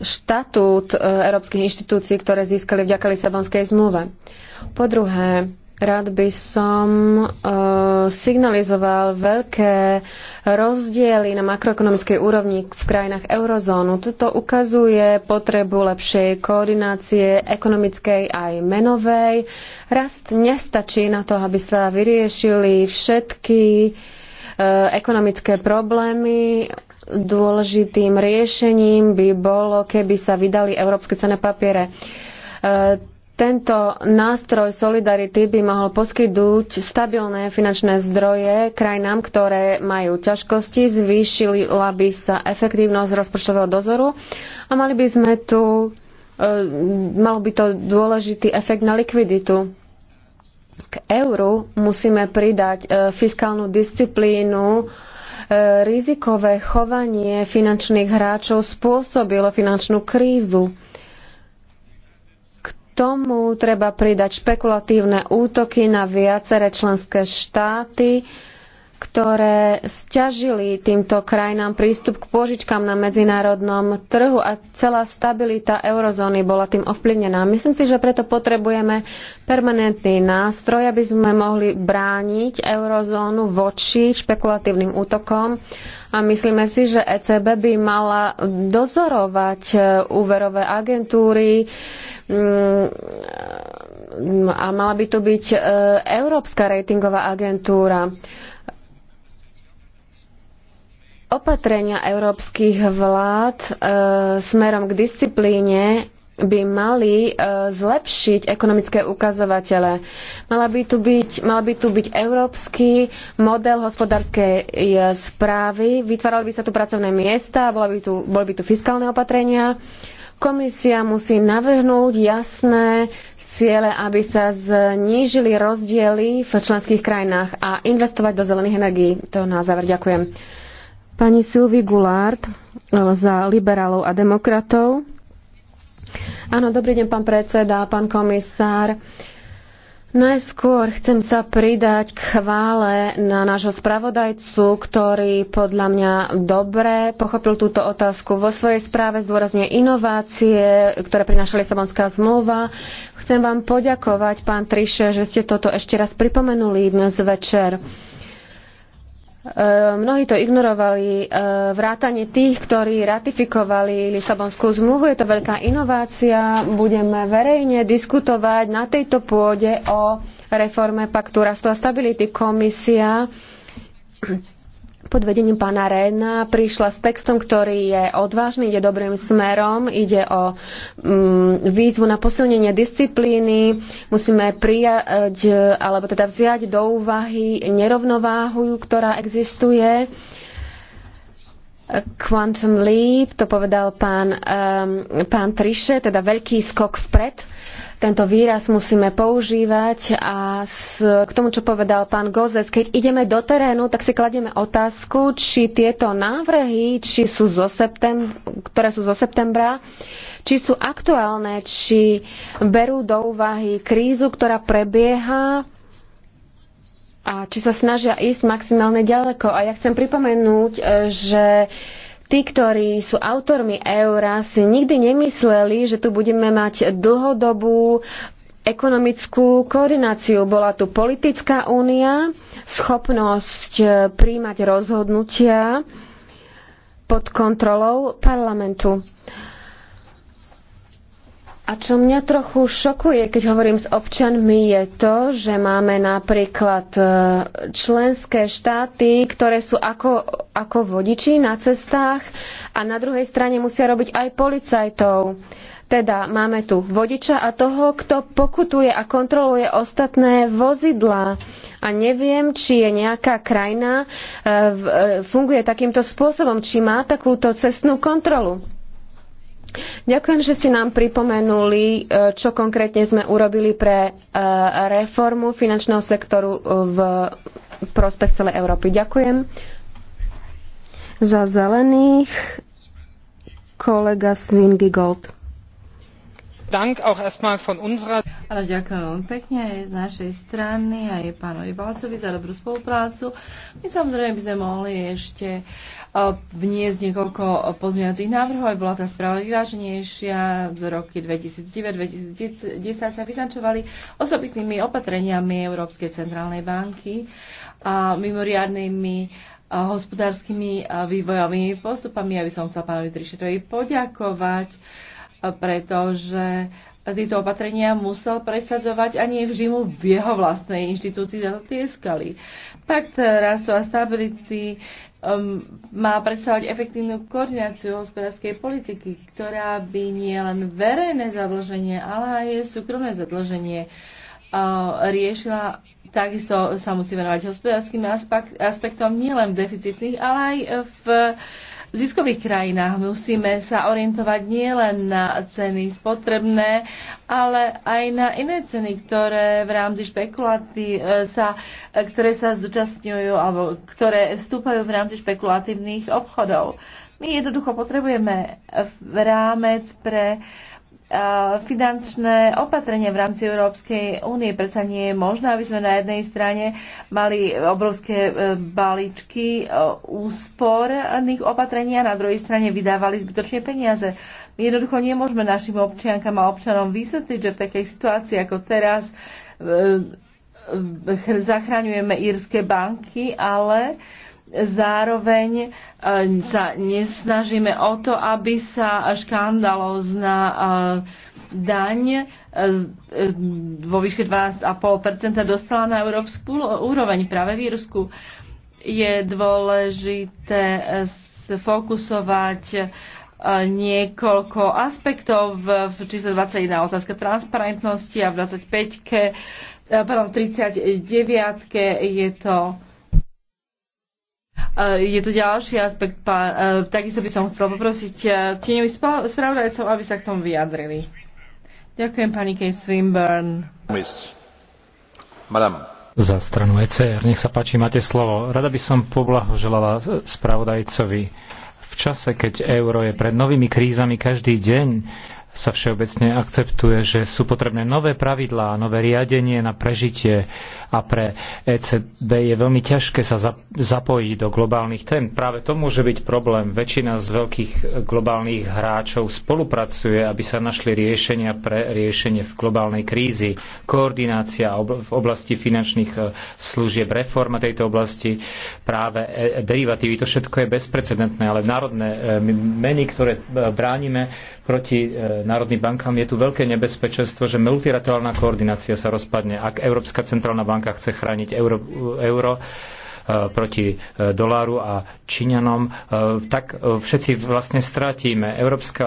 štatút e, európskych inštitúcií, ktoré získali vďaka Lisabonskej zmluve. Po druhé, rád by som uh, signalizoval veľké rozdiely na makroekonomickej úrovni v krajinách eurozónu. Toto ukazuje potrebu lepšej koordinácie ekonomickej aj menovej. Rast nestačí na to, aby sa vyriešili všetky E, ekonomické problémy. Dôležitým riešením by bolo, keby sa vydali európske cené papiere. E, tento nástroj solidarity by mohol poskytnúť stabilné finančné zdroje krajinám, ktoré majú ťažkosti, zvýšila by sa efektívnosť rozpočtového dozoru a mali by sme tu, e, malo by to dôležitý efekt na likviditu k euru musíme pridať e, fiskálnu disciplínu, e, rizikové chovanie finančných hráčov spôsobilo finančnú krízu. K tomu treba pridať špekulatívne útoky na viaceré členské štáty, ktoré stiažili týmto krajinám prístup k pôžičkám na medzinárodnom trhu a celá stabilita eurozóny bola tým ovplyvnená. Myslím si, že preto potrebujeme permanentný nástroj, aby sme mohli brániť eurozónu voči špekulatívnym útokom a myslíme si, že ECB by mala dozorovať e, úverové agentúry mm, a mala by tu byť e, Európska ratingová agentúra. Opatrenia európskych vlád e, smerom k disciplíne by mali e, zlepšiť ekonomické ukazovatele. Mala by tu byť, mal by tu byť európsky model hospodárskej e, správy, vytvárali by sa tu pracovné miesta, bola by tu, boli by tu fiskálne opatrenia. Komisia musí navrhnúť jasné ciele, aby sa znížili rozdiely v členských krajinách a investovať do zelených energií. To na záver ďakujem pani Sylvie Goulart eh, za liberálov a demokratov. Áno, dobrý deň, pán predseda, pán komisár. Najskôr chcem sa pridať k chvále na nášho spravodajcu, ktorý podľa mňa dobre pochopil túto otázku. Vo svojej správe zdôrazňuje inovácie, ktoré prináša Lisabonská zmluva. Chcem vám poďakovať, pán Triše, že ste toto ešte raz pripomenuli dnes večer. Eh, mnohí to ignorovali, eh, vrátanie tých, ktorí ratifikovali Lisabonskú zmluvu. Je to veľká inovácia. Budeme verejne diskutovať na tejto pôde o reforme paktu rastu a stability. Komisia pod vedením pána Réna prišla s textom, ktorý je odvážny, ide dobrým smerom, ide o mm, výzvu na posilnenie disciplíny. Musíme prijať, alebo teda vziať do úvahy nerovnováhu, ktorá existuje. Quantum Leap, to povedal pán, um, pán Triše, teda veľký skok vpred tento výraz musíme používať a s, k tomu, čo povedal pán Gozes, keď ideme do terénu, tak si kladieme otázku, či tieto návrhy, či sú zo septem, ktoré sú zo septembra, či sú aktuálne, či berú do úvahy krízu, ktorá prebieha a či sa snažia ísť maximálne ďaleko. A ja chcem pripomenúť, že tí, ktorí sú autormi eura, si nikdy nemysleli, že tu budeme mať dlhodobú ekonomickú koordináciu. Bola tu politická únia, schopnosť e, príjmať rozhodnutia pod kontrolou parlamentu. A čo mňa trochu šokuje, keď hovorím s občanmi, je to, že máme napríklad e, členské štáty, ktoré sú ako, ako vodiči na cestách a na druhej strane musia robiť aj policajtov. Teda máme tu vodiča a toho, kto pokutuje a kontroluje ostatné vozidlá. A neviem, či je nejaká krajina, e, e, funguje takýmto spôsobom, či má takúto cestnú kontrolu. Ďakujem, že ste nám pripomenuli, e, čo konkrétne sme urobili pre e, reformu finančného sektoru e, v prospech celej Európy. Ďakujem. Za zelených kolega Svingy Gold. Ale ďakujem vám pekne aj z našej strany, aj pánovi Balcovi za dobrú spoluprácu. My samozrejme by sme mohli ešte uh, vniesť niekoľko pozmeňovacích návrhov, aby bola tá správa vyváženejšia. V roky 2009-2010 sa vyznačovali osobitnými opatreniami Európskej centrálnej banky a mimoriadnými hospodárskymi vývojovými postupami. Ja by som chcela pánovi Trišetovi poďakovať, pretože tieto opatrenia musel presadzovať a nie vždy mu v jeho vlastnej inštitúcii za to tieskali. Pakt rastu a stability Um, má predstavovať efektívnu koordináciu hospodárskej politiky, ktorá by nie len verejné zadlženie, ale aj súkromné zadlženie uh, riešila takisto sa musí venovať hospodárskym aspektom nielen v deficitných, ale aj v v ziskových krajinách. Musíme sa orientovať nielen na ceny spotrebné, ale aj na iné ceny, ktoré v rámci špekulaty e, sa, e, ktoré sa zúčastňujú alebo ktoré vstúpajú v rámci špekulatívnych obchodov. My jednoducho potrebujeme rámec pre uh, finančné opatrenia v rámci Európskej únie. Predsa nie je možné, aby sme na jednej strane mali obrovské e, balíčky e, úsporných opatrení a na druhej strane vydávali zbytočne peniaze. My Jednoducho nemôžeme našim občiankam a občanom vysvetliť, že v takej situácii ako teraz e, zachraňujeme írske banky, ale uh, zároveň e, sa nesnažíme o to, aby sa škandalózna e, daň e, vo výške 12,5 dostala na európsku úroveň práve v Írsku. Je dôležité sfokusovať niekoľko aspektov v, v čísle 21 otázka transparentnosti a v 25 pardon, 39 je to Eh, je tu ďalší aspekt. Pán, eh, takisto by som chcela poprosiť eh, tieňových spravodajcov, aby sa k tomu vyjadrili. Ďakujem pani Kate Swinburne. Madame. Za stranu ECR, nech sa páči, máte slovo. Rada by som poblahoželala spravodajcovi. V čase, keď euro je pred novými krízami každý deň, sa všeobecne akceptuje, že sú potrebné nové pravidlá, nové riadenie na prežitie a pre ECB je veľmi ťažké sa zapojiť do globálnych tém. Práve to môže byť problém. Väčšina z veľkých e, globálnych hráčov spolupracuje, aby sa našli riešenia pre riešenie v globálnej krízi. Koordinácia v oblasti finančných e, služieb, reforma tejto oblasti, práve e, derivatívy, to všetko je bezprecedentné, ale národné meny, ktoré bránime proti národným bankám je tu veľké nebezpečenstvo, že multilaterálna koordinácia sa rozpadne. Ak Európska centrálna banka chce chrániť euro, euro e, proti e, doláru a Číňanom, e, tak všetci vlastne stratíme. Európska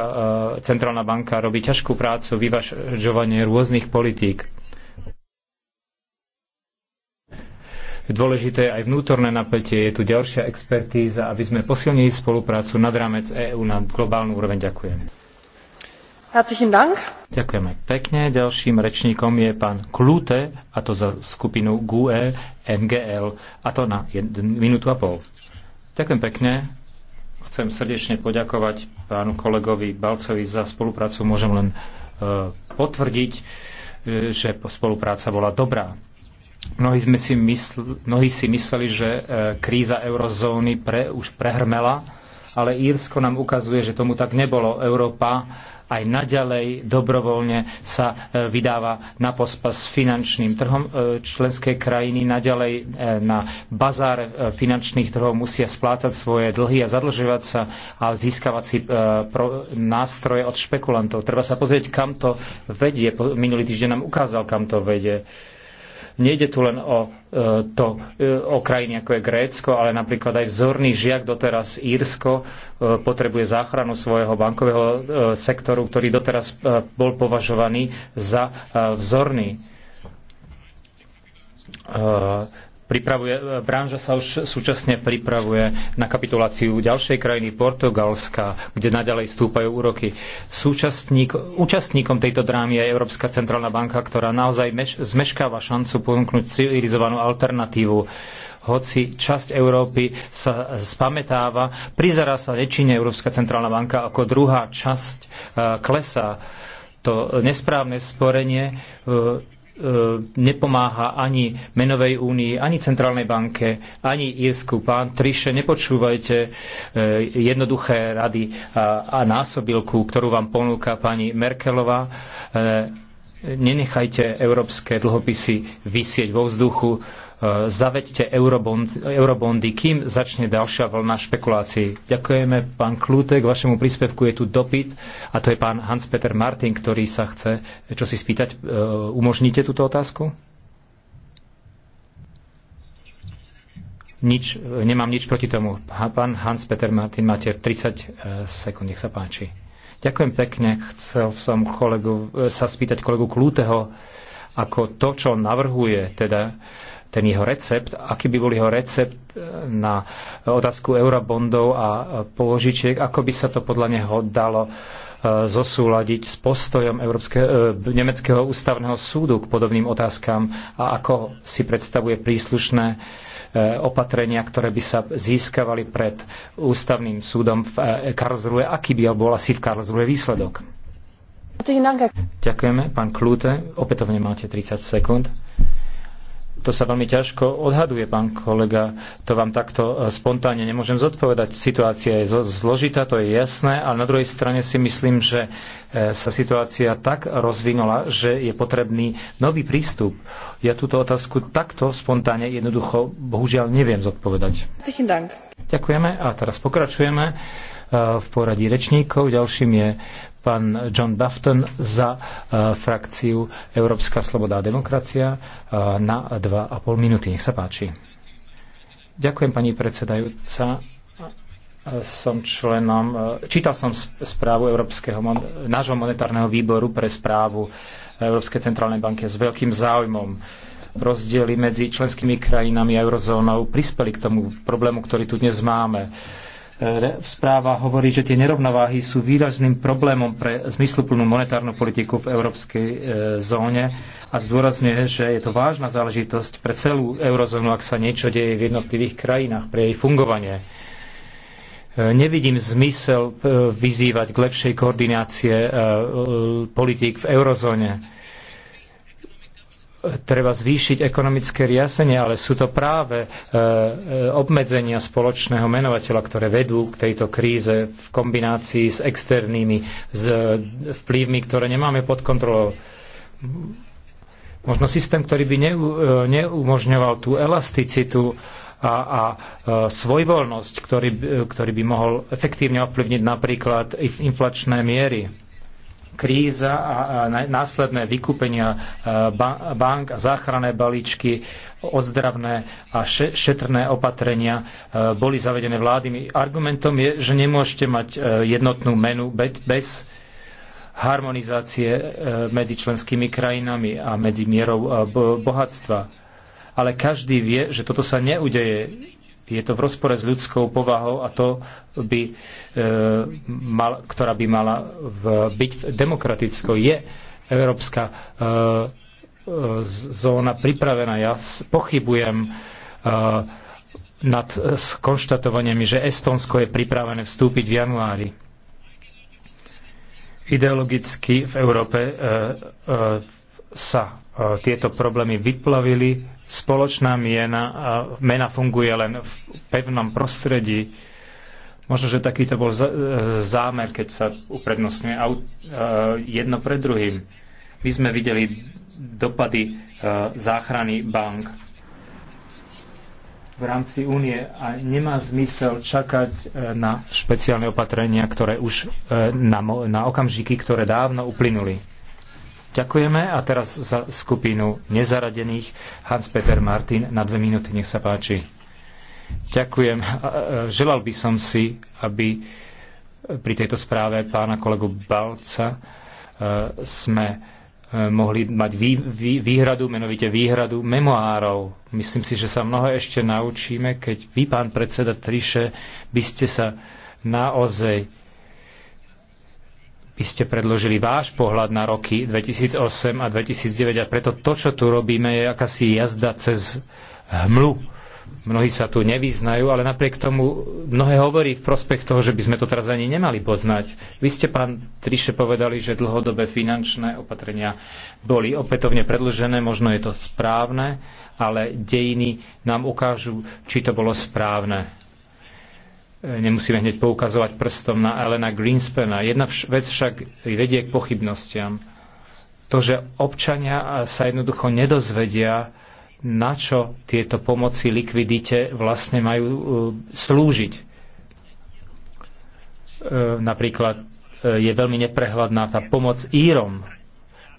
centrálna banka robí ťažkú prácu, vyvažovanie rôznych politík. Dôležité aj vnútorné napätie, je tu ďalšia expertíza, aby sme posilnili spoluprácu nad rámec EÚ na globálnu úroveň. Ďakujem. Ďakujeme pekne. Ďalším rečníkom je pán Klute, a to za skupinu GUE NGL, a to na 1 minútu a pol. Ďakujem pekne. Chcem srdečne poďakovať pánu kolegovi Balcovi za spoluprácu. Môžem len uh, potvrdiť, e, že spolupráca bola dobrá. Mnohí, sme si, mysl, mnohí si mysleli, že uh, kríza eurozóny pre, už prehrmela, ale Írsko nám ukazuje, že tomu tak nebolo. Európa aj naďalej dobrovoľne sa e, vydáva na pospas finančným trhom. E, členské krajiny naďalej e, na bazár finančných trhov musia splácať svoje dlhy a zadlžovať sa a získavať si nástroje od špekulantov. Treba sa pozrieť, kam to vedie. Minulý týždeň nám ukázal, kam to vedie Nejde tu len o, e, to, e, o krajiny ako je Grécko, ale napríklad aj vzorný žiak doteraz Írsko e, potrebuje záchranu svojho bankového sektoru, ktorý doteraz bol považovaný za vzorný pripravuje, e, branža sa už súčasne pripravuje na kapituláciu ďalšej krajiny Portugalska, kde naďalej stúpajú úroky. Súčastník, účastníkom tejto drámy je Európska centrálna banka, ktorá naozaj meš, zmeškáva šancu ponúknuť civilizovanú alternatívu. Hoci časť Európy sa spametáva, prizerá sa nečine Európska centrálna banka ako druhá časť e, klesa. To nesprávne sporenie e, E, nepomáha ani Menovej únii, ani Centrálnej banke, ani Irsku. Pán Triše, nepočúvajte e, jednoduché rady a, a násobilku, ktorú vám ponúka pani Merkelová. E, nenechajte európske dlhopisy vysieť vo vzduchu E, zaveďte eurobond, eurobondy, kým začne ďalšia vlna špekulácií. Ďakujeme, pán Klútek, vašemu príspevku je tu dopyt a to je pán Hans-Peter Martin, ktorý sa chce čo si spýtať. E, umožníte túto otázku? Nič, nemám nič proti tomu. Pán Hans-Peter Martin, máte 30 e, sekúnd, nech sa páči. Ďakujem pekne. Chcel som kolegu, sa spýtať kolegu Klúteho, ako to, čo navrhuje, teda ten jeho recept, aký by bol jeho recept e, na otázku eurobondov a položičiek, ako by sa to podľa neho dalo e, zosúľadiť s postojom Európske, e, Nemeckého ústavného súdu k podobným otázkam a ako si predstavuje príslušné opatrenia, ktoré by sa získavali pred ústavným súdom v Karlsruhe. Aký by bol asi v Karlsruhe výsledok? Ďakujeme. Pán Klúte, opätovne máte 30 sekúnd. To sa veľmi ťažko odhaduje, pán kolega. To vám takto e, spontánne nemôžem zodpovedať. Situácia je zložitá, to je jasné, ale na druhej strane si myslím, že e, sa situácia tak rozvinula, že je potrebný nový prístup. Ja túto otázku takto spontánne jednoducho bohužiaľ neviem zodpovedať. Ďakujeme a teraz pokračujeme e, v poradí rečníkov. Ďalším je pán John Bafton za e, frakciu Európska sloboda a demokracia e, na 2,5 minúty. Nech sa páči. Ďakujem, pani predsedajúca. Som členom, e, čítal som správu Európskeho, nášho monetárneho výboru pre správu Európskej centrálnej banky s veľkým záujmom rozdiely medzi členskými krajinami a eurozónou prispeli k tomu problému, ktorý tu dnes máme správa hovorí, že tie nerovnováhy sú výrazným problémom pre zmysluplnú monetárnu politiku v európskej e, zóne a zdôrazňuje, že je to vážna záležitosť pre celú eurozónu, ak sa niečo deje v jednotlivých krajinách, pre jej fungovanie. E, nevidím zmysel e, vyzývať k lepšej koordinácie politík v eurozóne treba zvýšiť ekonomické riasenie, ale sú to práve e, e, obmedzenia spoločného menovateľa, ktoré vedú k tejto kríze v kombinácii s externými s e, vplyvmi, ktoré nemáme pod kontrolou. Možno systém, ktorý by neumožňoval tú elasticitu a, a svojvoľnosť, ktorý, ktorý by mohol efektívne ovplyvniť napríklad inflačné miery kríza a následné vykúpenia e, bank a záchranné balíčky, ozdravné a šetrné opatrenia e, boli zavedené vládami. Argumentom je, že nemôžete mať e, jednotnú menu bez harmonizácie medzi členskými krajinami a medzi mierou bohatstva. Ale každý vie, že toto sa neudeje je to v rozpore s ľudskou povahou a to by, e, mal, ktorá by mala v, byť demokratickou. Je európska e, e zóna pripravená. Ja pochybujem e, nad skonštatovaniami, že Estonsko je pripravené vstúpiť v januári. Ideologicky v Európe e, e, sa e, tieto problémy vyplavili, spoločná miena, a e, mena funguje len v pevnom prostredí. Možno, že takýto bol e, zámer, keď sa uprednostňuje jedno pred druhým. My sme videli dopady záchrany bank v rámci únie a nemá zmysel čakať na špeciálne opatrenia, ktoré už na, na okamžiky, ktoré dávno uplynuli. Ďakujeme a teraz za skupinu nezaradených Hans-Peter Martin na dve minúty, nech sa páči. Ďakujem. Želal by som si, aby pri tejto správe pána kolegu Balca e, sme e, mohli mať vý, vý, výhradu, menovite výhradu memoárov. Myslím si, že sa mnoho ešte naučíme, keď vy, pán predseda Triše, by ste sa naozaj by ste predložili váš pohľad na roky 2008 a 2009 a preto to, čo tu robíme, je akási jazda cez hmlu. Mnohí sa tu nevyznajú, ale napriek tomu mnohé hovorí v prospech toho, že by sme to teraz ani nemali poznať. Vy ste, pán Triše, povedali, že dlhodobé finančné opatrenia boli opätovne predlžené, možno je to správne, ale dejiny nám ukážu, či to bolo správne Nemusíme hneď poukazovať prstom na Elena Greenspana. Jedna vec však vedie k pochybnostiam. To, že občania sa jednoducho nedozvedia, na čo tieto pomoci likvidite vlastne majú e, slúžiť. E, napríklad e, je veľmi neprehľadná tá pomoc Írom.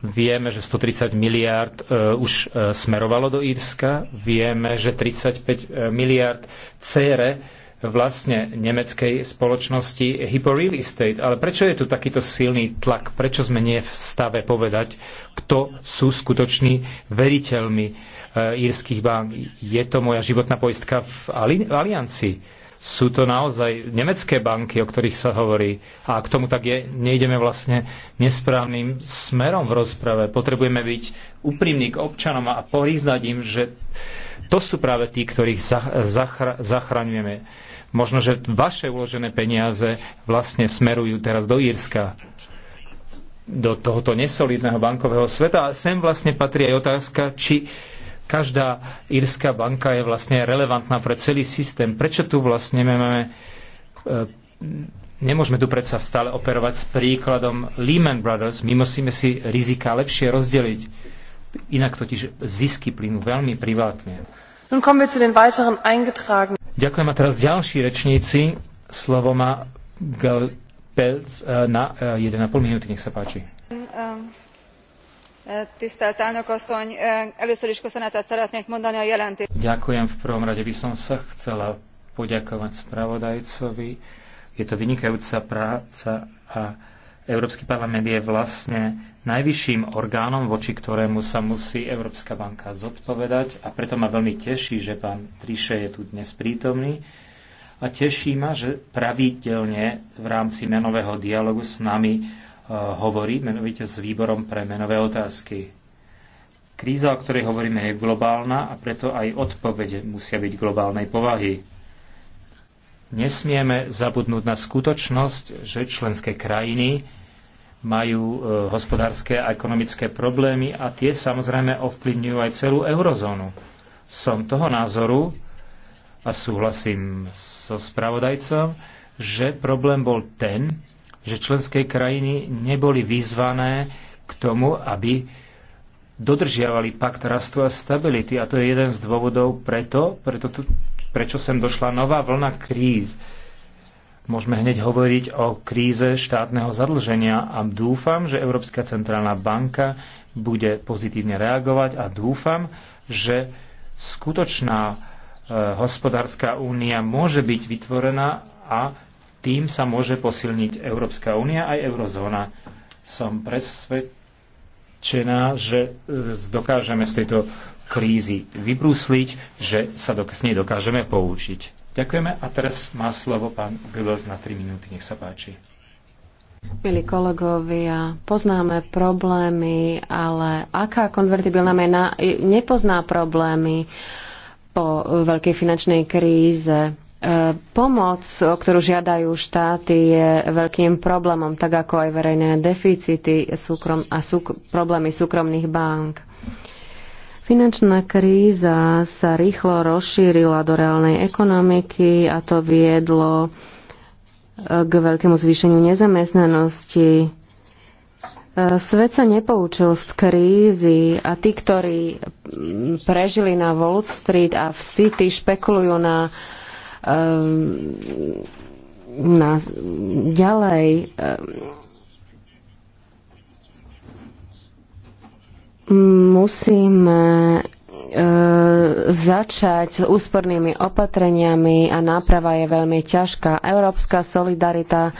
Vieme, že 130 miliárd už smerovalo do Írska, vieme, že 35 miliárd CR vlastne nemeckej spoločnosti Hypo Real Estate. Ale prečo je tu takýto silný tlak? Prečo sme nie v stave povedať, kto sú skutoční veriteľmi e, írskych bank? Je to moja životná poistka v Aliancii? sú to naozaj nemecké banky, o ktorých sa hovorí. A k tomu tak je, nejdeme vlastne nesprávnym smerom v rozprave. Potrebujeme byť úprimní k občanom a poriznať im, že to sú práve tí, ktorých zachra- zachraňujeme. Možno, že vaše uložené peniaze vlastne smerujú teraz do Írska, do tohoto nesolidného bankového sveta. A sem vlastne patrí aj otázka, či každá írska banka je vlastne relevantná pre celý systém. Prečo tu vlastne máme e, Nemôžeme tu predsa stále operovať s príkladom Lehman Brothers. My musíme si rizika lepšie rozdeliť. Inak totiž zisky plynú veľmi privátne. Nun kommen wir zu den weiteren eingetragenen Ďakujem a teraz ďalší rečníci. Slovo má Gal Pelc eh, na 1,5 eh, minúty. Nech sa páči. Um, eh, Ďakujem. V prvom rade by som sa chcela poďakovať spravodajcovi. Je to vynikajúca práca a Európsky parlament je vlastne najvyšším orgánom, voči ktorému sa musí Európska banka zodpovedať a preto ma veľmi teší, že pán Triše je tu dnes prítomný a teší ma, že pravidelne v rámci menového dialogu s nami e, hovorí, menovite s výborom pre menové otázky. Kríza, o ktorej hovoríme, je globálna a preto aj odpovede musia byť globálnej povahy. Nesmieme zabudnúť na skutočnosť, že členské krajiny majú e, hospodárske a ekonomické problémy a tie samozrejme ovplyvňujú aj celú eurozónu. Som toho názoru a súhlasím so spravodajcom, že problém bol ten, že členské krajiny neboli vyzvané k tomu, aby dodržiavali pakt rastu a stability. A to je jeden z dôvodov preto, preto tu, prečo sem došla nová vlna kríz Môžeme hneď hovoriť o kríze štátneho zadlženia a dúfam, že Európska centrálna banka bude pozitívne reagovať a dúfam, že skutočná e, hospodárska únia môže byť vytvorená a tým sa môže posilniť Európska únia aj eurozóna. Som presvedčená, že e, dokážeme z tejto krízy vybrúsliť, že sa do, s nej dokážeme poučiť. Ďakujeme a teraz má slovo pán Bilos na 3 minúty. Nech sa páči. Milí kolegovia, poznáme problémy, ale aká konvertibilná mena nepozná problémy po veľkej finančnej kríze? E, pomoc, o ktorú žiadajú štáty, je veľkým problémom, tak ako aj verejné deficity a problémy súkromných bank Finančná kríza sa rýchlo rozšírila do reálnej ekonomiky a to viedlo e, k veľkému zvýšeniu nezamestnanosti. E, svet sa nepoučil z krízy a tí, ktorí prežili na Wall Street a v City špekulujú na, e, na ďalej musíme e, začať s úspornými opatreniami a náprava je veľmi ťažká. Európska solidarita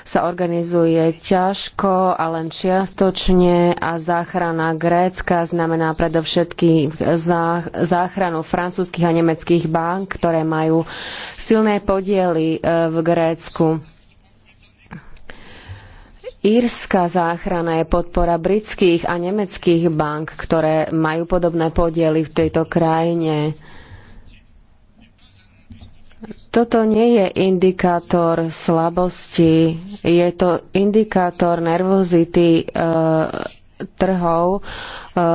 sa organizuje ťažko a len čiastočne a záchrana Grécka znamená predovšetkým záchranu francúzskych a nemeckých bank, ktoré majú silné podiely e, v Grécku. Írska záchrana je podpora britských a nemeckých bank, ktoré majú podobné podiely v tejto krajine. Toto nie je indikátor slabosti, je to indikátor nervozity eh, trhov eh,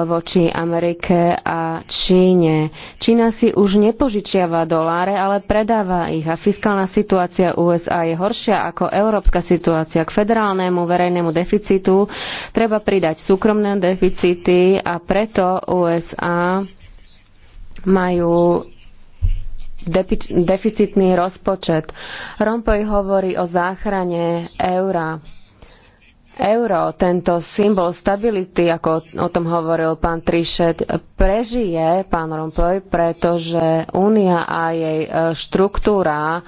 voči Amerike a Číne. Čína si už nepožičiava doláre, ale predáva ich a fiskálna situácia USA je horšia ako európska situácia. K federálnemu verejnému deficitu treba pridať súkromné deficity a preto USA majú deficitný rozpočet. Rompoy hovorí o záchrane eura euro, tento symbol stability, ako o tom hovoril pán Trišet, prežije pán Rompuy, pretože únia a jej e, štruktúra e,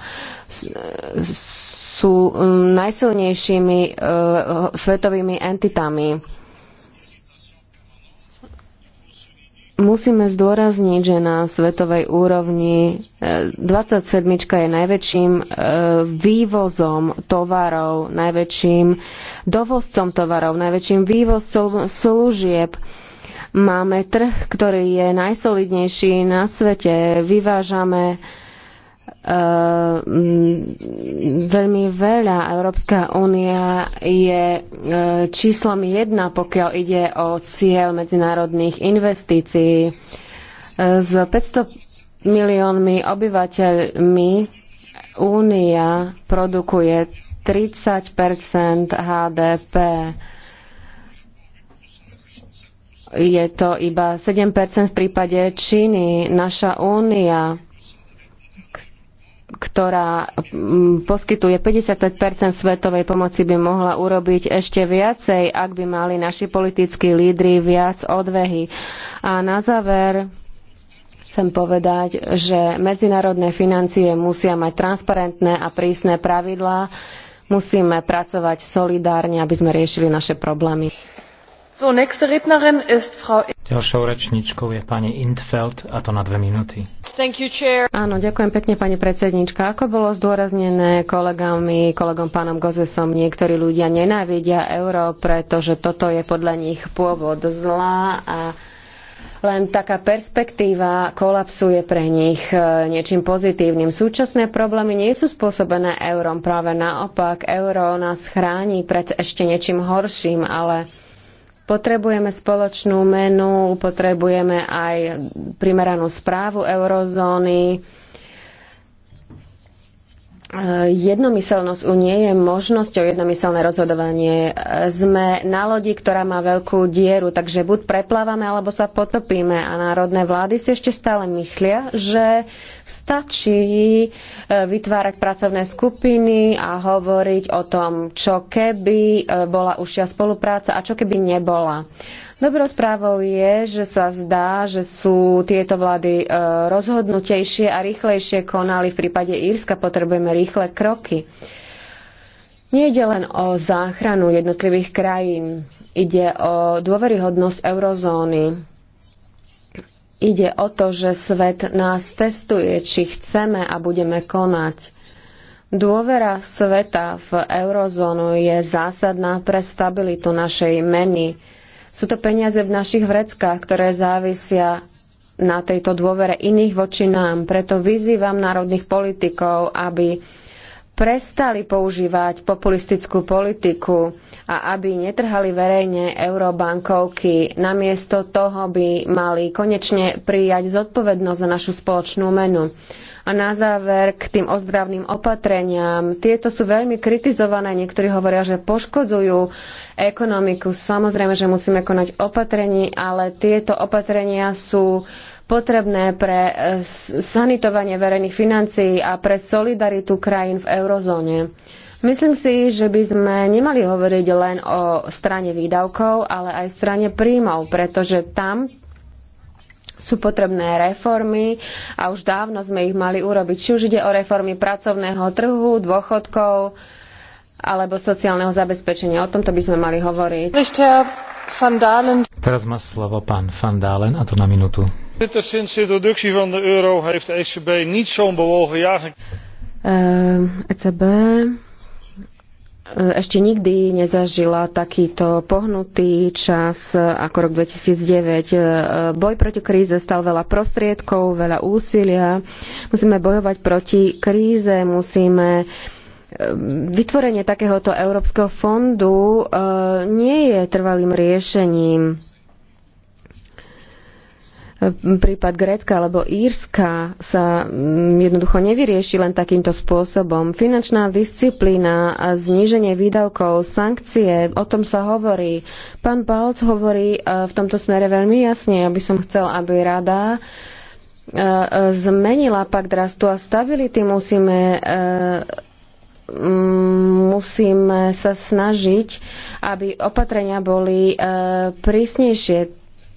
sú najsilnejšími e, svetovými entitami Musíme zdôrazniť, že na svetovej úrovni 27. E, je najväčším e, vývozom tovarov, najväčším dovozcom tovarov, najväčším vývozcom služieb. Máme trh, ktorý je najsolidnejší na svete. Vyvážame Ehm, veľmi veľa. Európska únia je ehm, číslom jedna, pokiaľ ide o cieľ medzinárodných investícií. Ehm, s 500 miliónmi obyvateľmi únia produkuje 30 HDP. Je to iba 7 v prípade Číny. Naša únia ktorá mm, poskytuje 55 svetovej pomoci, by mohla urobiť ešte viacej, ak by mali naši politickí lídry viac odvehy. A na záver chcem povedať, že medzinárodné financie musia mať transparentné a prísne pravidlá. Musíme pracovať solidárne, aby sme riešili naše problémy. So, nächste Rednerin ist Frau... Ďalšou rečníčkou je pani Intfeld a to na dve minúty. Thank you, chair. Áno, ďakujem pekne pani predsednička. Ako bolo zdôraznené kolegami, kolegom pánom Gozesom, niektorí ľudia nenávidia euro, pretože toto je podľa nich pôvod zla a len taká perspektíva kolapsuje pre nich e, niečím pozitívnym. Súčasné problémy nie sú spôsobené eurom, práve naopak euro nás chráni pred ešte niečím horším, ale Potrebujeme spoločnú menu, potrebujeme aj primeranú správu eurozóny, Jednomyselnosť nie je možnosťou jednomyselné rozhodovanie. Sme na lodi, ktorá má veľkú dieru, takže buď preplávame, alebo sa potopíme. A národné vlády si ešte stále myslia, že stačí e, vytvárať pracovné skupiny a hovoriť o tom, čo keby e, bola užšia spolupráca a čo keby nebola. Dobrou správou je, že sa zdá, že sú tieto vlády e, rozhodnutejšie a rýchlejšie konali. V prípade Írska potrebujeme rýchle kroky. Nie ide len o záchranu jednotlivých krajín, ide o dôveryhodnosť eurozóny. Ide o to, že svet nás testuje, či chceme a budeme konať. Dôvera sveta v eurozónu je zásadná pre stabilitu našej meny sú to peniaze v našich vreckách, ktoré závisia na tejto dôvere iných voči nám. Preto vyzývam národných politikov, aby prestali používať populistickú politiku a aby netrhali verejne eurobankovky. Namiesto toho by mali konečne prijať zodpovednosť za našu spoločnú menu. A na záver k tým ozdravným opatreniam. Tieto sú veľmi kritizované, niektorí hovoria, že poškodzujú ekonomiku. Samozrejme, že musíme konať opatrení, ale tieto opatrenia sú potrebné pre e, sanitovanie verejných financií a pre solidaritu krajín v eurozóne. Myslím si, že by sme nemali hovoriť len o strane výdavkov, ale aj strane príjmov, pretože tam sú potrebné reformy a už dávno sme ich mali urobiť. Či už ide o reformy pracovného trhu, dôchodkov alebo sociálneho zabezpečenia. O tomto by sme mali hovoriť. Teraz má slovo pán Van Dalen a to na minútu. Sinds introductie van de euro heeft de ECB niet zo'n bewogen jaar. ECB ehm, e ešte nikdy nezažila takýto pohnutý čas ako rok 2009. E, boj proti kríze stal veľa prostriedkov, veľa úsilia. Musíme bojovať proti kríze, musíme e, Vytvorenie takéhoto Európskeho fondu e, nie je trvalým riešením Prípad Grécka alebo Írska sa mm, jednoducho nevyrieši len takýmto spôsobom. Finančná disciplína a zníženie výdavkov, sankcie, o tom sa hovorí. Pán Balc hovorí e, v tomto smere veľmi jasne. Ja by som chcel, aby rada e, zmenila pak drastu a stability, musíme e, mm, musíme sa snažiť, aby opatrenia boli prísnejšie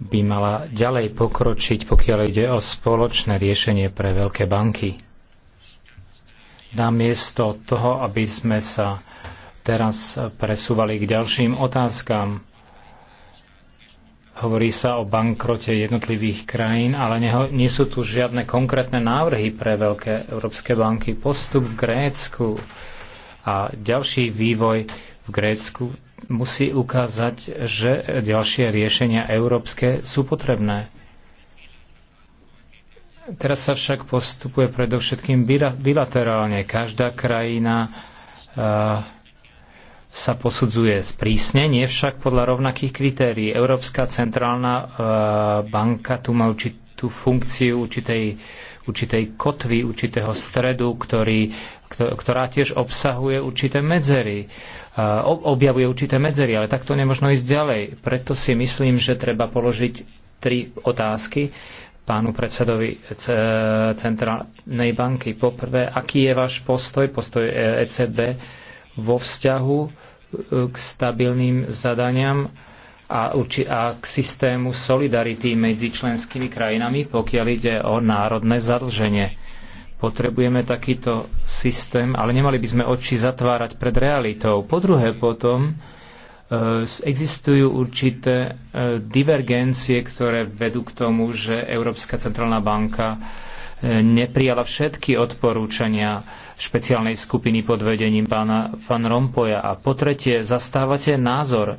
by mala ďalej pokročiť, pokiaľ ide o spoločné riešenie pre veľké banky. Namiesto toho, aby sme sa teraz presúvali k ďalším otázkam, hovorí sa o bankrote jednotlivých krajín, ale neho, nie sú tu žiadne konkrétne návrhy pre veľké európske banky. Postup v Grécku a ďalší vývoj v Grécku musí ukázať, že ďalšie riešenia európske sú potrebné. Teraz sa však postupuje predovšetkým bilaterálne. Každá krajina e, sa posudzuje sprísne, nie však podľa rovnakých kritérií. Európska centrálna e, banka tu má určitú funkciu určitej, určitej kotvy, určitého stredu, ktorý, ktorá tiež obsahuje určité medzery objavuje určité medzery, ale takto nemožno ísť ďalej. Preto si myslím, že treba položiť tri otázky pánu predsedovi Centrálnej banky. Poprvé, aký je váš postoj, postoj ECB e vo vzťahu e, k stabilným zadaniam a, k systému solidarity medzi členskými krajinami, pokiaľ ide o národné zadlženie. Potrebujeme takýto systém, ale nemali by sme oči zatvárať pred realitou. Po druhé potom e, existujú určité e, divergencie, ktoré vedú k tomu, že Európska centrálna banka e, neprijala všetky odporúčania špeciálnej skupiny pod vedením pána Van Rompoja. A po tretie, zastávate názor,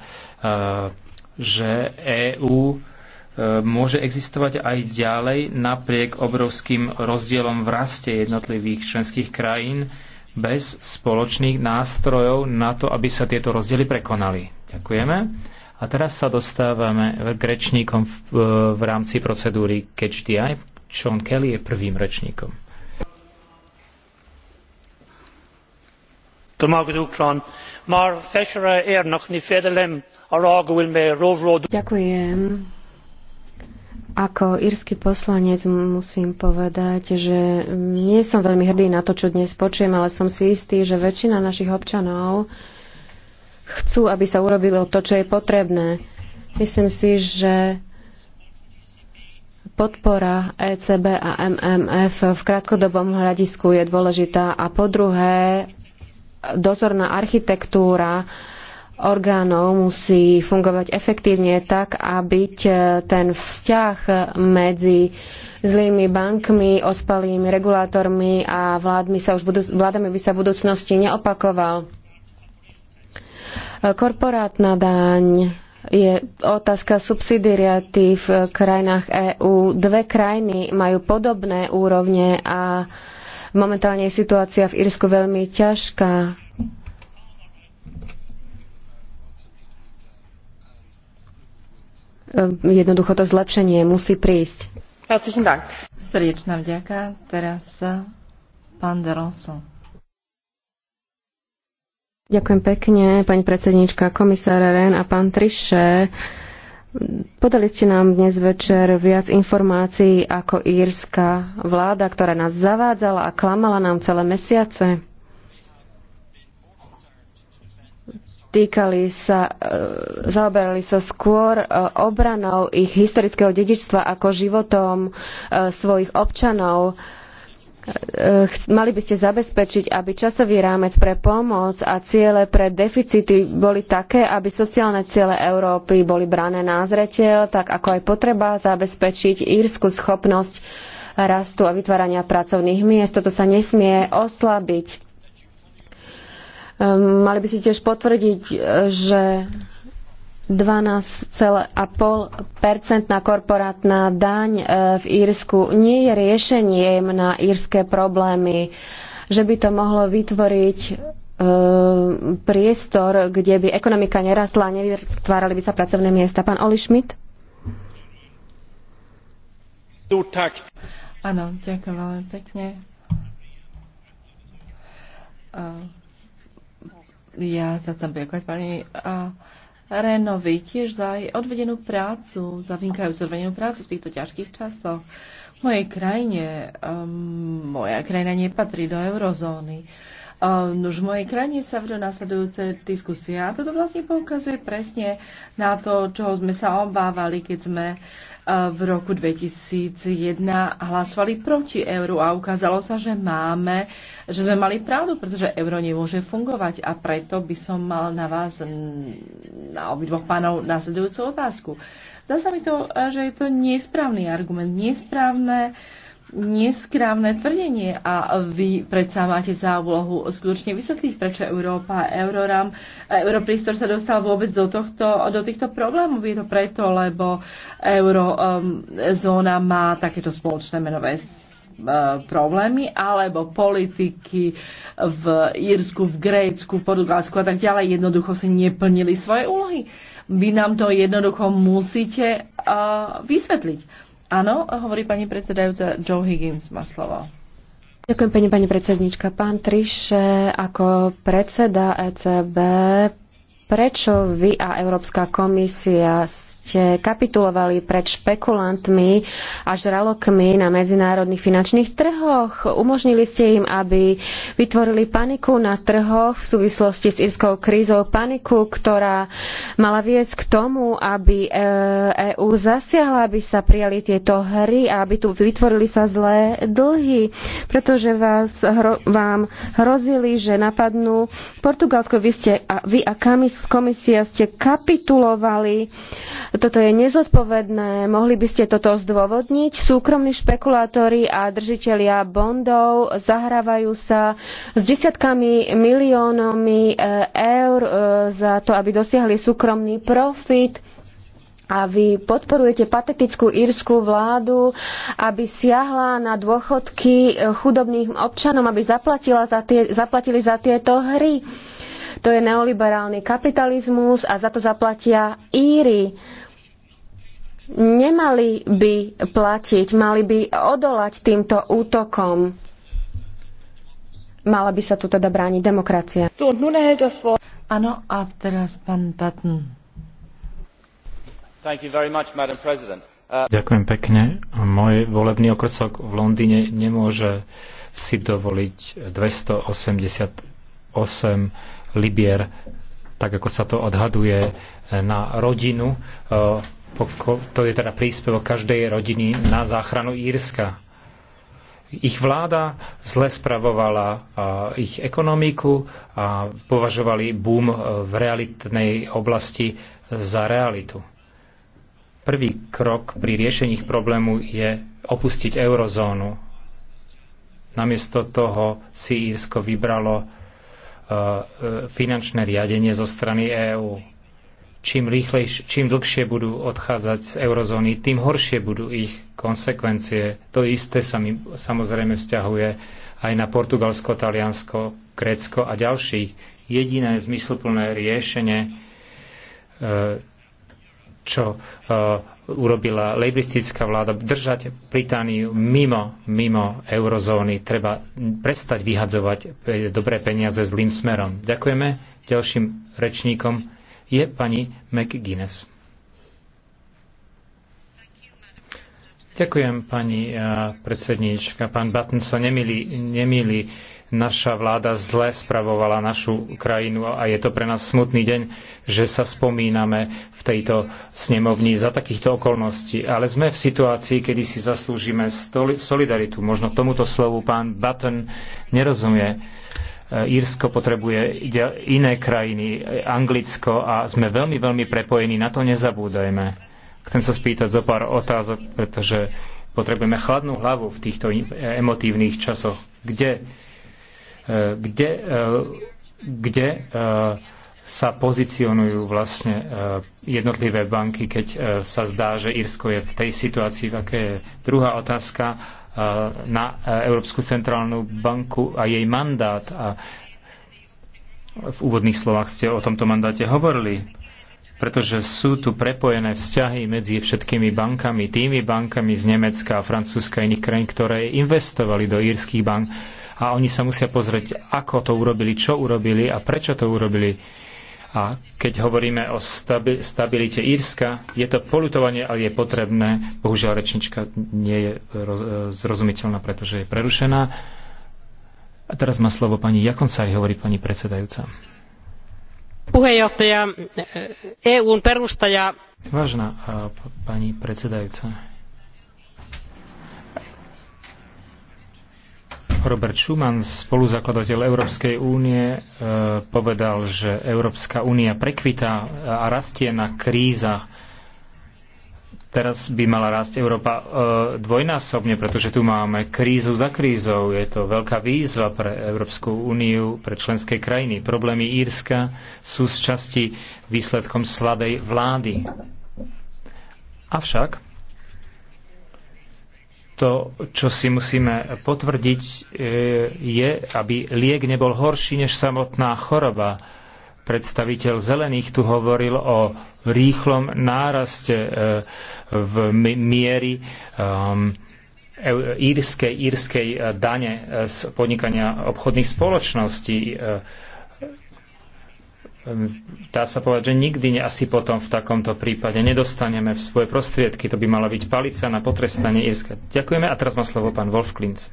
že EÚ môže existovať aj ďalej napriek obrovským rozdielom v raste jednotlivých členských krajín bez spoločných nástrojov na to, aby sa tieto rozdiely prekonali. Ďakujeme. A teraz sa dostávame k rečníkom v, v rámci procedúry Catch the Eye. Kelly je prvým rečníkom. Ďakujem. Ako írsky poslanec musím povedať, že nie som veľmi hrdý na to, čo dnes počujem, ale som si istý, že väčšina našich občanov chcú, aby sa urobilo to, čo je potrebné. Myslím si, že podpora ECB a MMF v krátkodobom hľadisku je dôležitá a po druhé dozorná architektúra orgánov musí fungovať efektívne tak, aby ten vzťah medzi zlými bankmi, ospalými regulátormi a vládmi, sa už budú, vládami by sa v budúcnosti neopakoval. Korporátna daň je otázka subsidiariaty v krajinách EÚ. Dve krajiny majú podobné úrovne a momentálne je situácia v Írsku veľmi ťažká Ehm, jednoducho to zlepšenie musí prísť. Srdečná vďaka. Teraz eh, pán Deronso. Ďakujem pekne, pani predsednička, komisár Ren a pán Triše. Podali ste nám dnes večer viac informácií ako írska vláda, ktorá nás zavádzala a klamala nám celé mesiace. týkali sa, e, zaoberali sa skôr e, obranou ich historického dedičstva ako životom e, svojich občanov. Mali by ste zabezpečiť, aby časový rámec pre pomoc a ciele pre deficity boli také, aby sociálne ciele Európy boli brané na zreteľ, tak ako aj potreba zabezpečiť írsku schopnosť rastu a vytvárania pracovných miest. Toto sa nesmie oslabiť Ehm, mali by si tiež potvrdiť, e, že 12,5% korporátna daň e, v Írsku nie je riešením na írske problémy, že by to mohlo vytvoriť e, priestor, kde by ekonomika nerastla a nevytvárali by sa pracovné miesta. Pán Oli Schmidt? Áno, ďakujem veľmi pekne. Ja sa chcem poďakovať pani a Renovi tiež za jej odvedenú prácu, za vynikajúcu odvedenú prácu v týchto ťažkých časoch. V mojej krajine, um, moja krajina nepatrí do eurozóny. Ehm, Nož v mojej krajine sa vedú následujúce diskusie a toto vlastne poukazuje presne na to, čoho sme sa obávali, keď sme e, v roku 2001 hlasovali proti euru a ukázalo sa, že máme, že sme mali pravdu, pretože euro nemôže fungovať a preto by som mal na vás, na obidvoch pánov, následujúcu otázku. Zdá sa mi to, e, že je to nesprávny argument, nesprávne uh, neskrávne tvrdenie a vy predsa máte za úlohu skutočne vysvetliť, prečo Európa a Euroram, Europriestor sa dostal vôbec do, tohto, do týchto problémov. Je to preto, lebo eurozóna um, má takéto spoločné menové uh, problémy, alebo politiky v Írsku, v Grécku, v Portugalsku a tak ďalej jednoducho si neplnili svoje úlohy. Vy nám to jednoducho musíte uh, vysvetliť Áno, hovorí pani predsedajúca, Joe Higgins má slovo. Ďakujem pani, pani predsednička. Pán Triše, ako predseda ECB, prečo vy a Európska komisia ste kapitulovali pred špekulantmi a žralokmi na medzinárodných finančných trhoch. Umožnili ste im, aby vytvorili paniku na trhoch v súvislosti s írskou krízou. Paniku, ktorá mala viesť k tomu, aby EÚ e zasiahla, aby sa prijali tieto hry a aby tu vytvorili sa zlé dlhy, pretože vás, hro, vám hrozili, že napadnú Portugalsko. Vy, ste, a, vy a komisia ste kapitulovali toto je nezodpovedné. Mohli by ste toto zdôvodniť? Súkromní špekulátori a držitelia bondov zahrávajú sa s desiatkami miliónami eh, eur eh, za to, aby dosiahli súkromný profit a vy podporujete patetickú írskú vládu, aby siahla na dôchodky eh, chudobným občanom, aby zaplatila za tie, zaplatili za tieto hry. To je neoliberálny kapitalizmus a za to zaplatia Íry nemali by platiť, mali by odolať týmto útokom. Mala by sa tu teda brániť demokracia. Áno, a teraz pán Patton. Uh, Ďakujem pekne. Môj volebný okrsok v Londýne nemôže si dovoliť 288 libier, tak ako sa to odhaduje na rodinu. Uh, to je teda príspevok každej rodiny na záchranu Írska. Ich vláda zle spravovala ich ekonomiku a považovali boom e, v realitnej oblasti za realitu. Prvý krok pri riešení ich problému je opustiť eurozónu. Namiesto toho si Írsko vybralo e, e, finančné riadenie zo strany EÚ čím, rýchlejš, čím dlhšie budú odchádzať z eurozóny, tým horšie budú ich konsekvencie. To isté sa mi samozrejme vzťahuje aj na Portugalsko, Taliansko, Grécko a ďalších. Jediné zmysluplné riešenie, e, čo e, urobila lejbristická vláda, držať Britániu mimo, mimo eurozóny. Treba prestať vyhadzovať dobré peniaze zlým smerom. Ďakujeme ďalším rečníkom je pani McGuinness. Ďakujem, pani eh, predsedníčka. Pán Batten sa nemýli, nemýli. Naša vláda zle spravovala našu krajinu a je to pre nás smutný deň, že sa spomíname v tejto snemovni za takýchto okolností. Ale sme v situácii, kedy si zaslúžime solidaritu. Možno tomuto slovu pán Batten nerozumie Írsko potrebuje iné krajiny, Anglicko a sme veľmi, veľmi prepojení, na to nezabúdajme. Chcem sa spýtať zo pár otázok, pretože potrebujeme chladnú hlavu v týchto emotívnych časoch. Kde, e, kde, e, kde e, sa pozicionujú vlastne jednotlivé banky, keď sa zdá, že Írsko je v tej situácii, v aké je. Druhá otázka, na e, Európsku centrálnu banku a jej mandát. A v úvodných slovách ste o tomto mandáte hovorili, pretože sú tu prepojené vzťahy medzi všetkými bankami, tými bankami z Nemecka a Francúzska a iných krajín, ktoré investovali do írskych bank a oni sa musia pozrieť, ako to urobili, čo urobili a prečo to urobili a keď hovoríme o stabilite Írska, je to polutovanie, ale je potrebné. Bohužiaľ, rečnička nie je zrozumiteľná, pretože je prerušená. A teraz má slovo pani Jakonsari, hovorí pani predsedajúca. Puheenjohtaja, EUn e, e perustaja. Vážna pani predsedajúca, Robert Schuman, spoluzakladateľ Európskej únie, e, povedal, že Európska únia prekvitá a rastie na krízach. Teraz by mala rásť Európa e, dvojnásobne, pretože tu máme krízu za krízou. Je to veľká výzva pre Európsku úniu, pre členské krajiny. Problémy Írska sú z časti výsledkom slabej vlády. Avšak to, čo si musíme potvrdiť, e, je, aby liek nebol horší než samotná choroba. Predstaviteľ zelených tu hovoril o rýchlom náraste e, v miery um, írskej, írskej e, dane z podnikania obchodných spoločností. Ehm, dá sa povedať, že nikdy asi potom v takomto prípade nedostaneme v svoje prostriedky. To by mala byť palica na potrestanie Irska. Ďakujeme a teraz má slovo pán Wolf Klinc.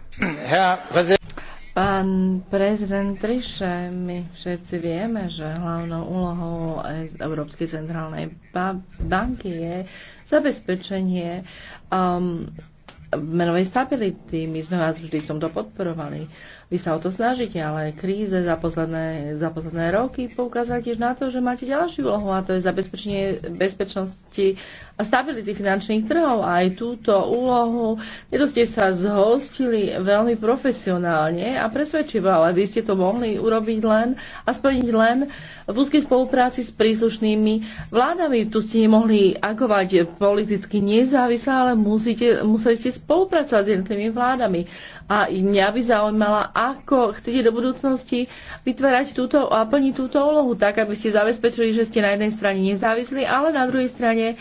Pán prezident Triše, my všetci vieme, že hlavnou úlohou Európskej centrálnej banky je zabezpečenie um, menovej stability. My sme vás vždy v tomto podporovali. Vy sa o to snažíte, ale kríze za posledné, za posledné roky poukázali tiež na to, že máte ďalšiu úlohu a to je zabezpečenie bezpečnosti a stability finančných trhov. A aj túto úlohu, preto ste sa zhostili veľmi profesionálne a presvedčivo, ale vy ste to mohli urobiť len a splniť len v úzkej spolupráci s príslušnými vládami. Tu ste nemohli agovať politicky nezávisle, ale musíte, museli ste spolupracovať s jednotlivými vládami. A mňa by zaujímala, ako chcete do budúcnosti vytvárať túto a plniť túto úlohu, tak aby ste zabezpečili, že ste na jednej strane nezávislí, ale na druhej strane e,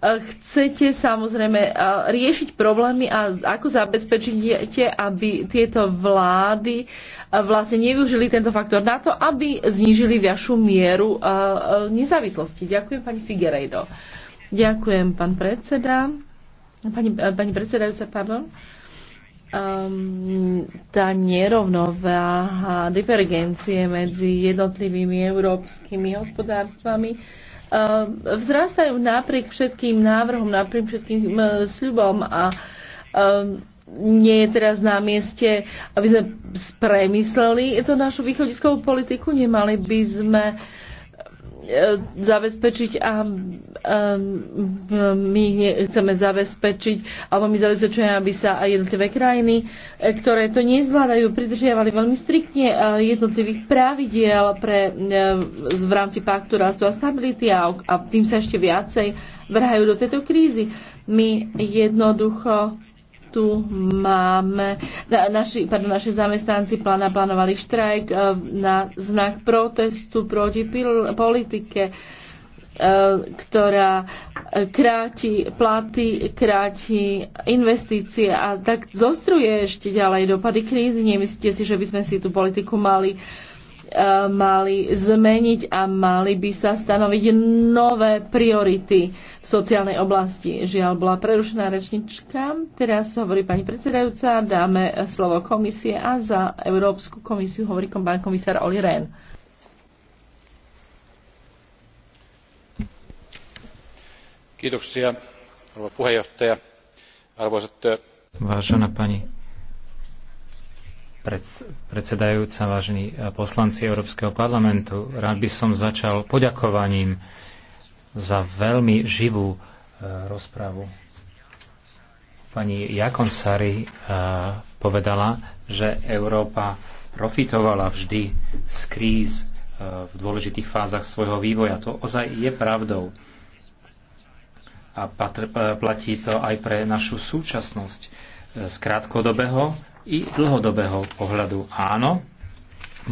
chcete samozrejme e, riešiť problémy a ako zabezpečíte, aby tieto vlády e, vlastne nevyužili tento faktor na to, aby znížili vašu mieru nezávislosti. Ďakujem pani Figueiredo. Ďakujem pán predseda. Pani, pani predsedajúca, pardon um, tá nerovnováha, divergencie medzi jednotlivými európskymi hospodárstvami um, vzrastajú napriek všetkým návrhom, napriek všetkým um, sľubom a um, nie je teraz na mieste, aby sme spremysleli to našu východiskovú politiku, nemali by sme uh, E, zabezpečiť a my chceme zabezpečiť, alebo my zabezpečujeme, aby sa aj jednotlivé krajiny, e, ktoré to nezvládajú, pridržiavali veľmi striktne e, jednotlivých pravidiel pre, v rámci paktu rastu a stability a, a tým sa ešte viacej vrhajú do tejto krízy. My jednoducho tu máme, na, naši, pardon, naši zamestnanci plána plánovali štrajk e, na znak protestu proti pil, politike, e, ktorá kráti platy, kráti investície a tak zostruje ešte ďalej dopady krízy. Nemyslíte si, že by sme si tú politiku mali uh, E, mali zmeniť a mali by sa stanoviť nové priority v sociálnej oblasti. Žiaľ, bola prerušená rečnička. Teraz hovorí pani predsedajúca, dáme slovo komisie a za Európsku komisiu hovorí pán komisár Oli Rehn. Kiitoksia, rouva puheenjohtaja. Arvoisat... Vážená pani predsedajúca, vážení poslanci Európskeho parlamentu. Rád by som začal poďakovaním za veľmi živú e, rozpravu. Pani Jakonsari e, povedala, že Európa profitovala vždy z kríz e, v dôležitých fázach svojho vývoja. To ozaj je pravdou. A platí to aj pre našu súčasnosť z krátkodobého i dlhodobého pohľadu. Áno,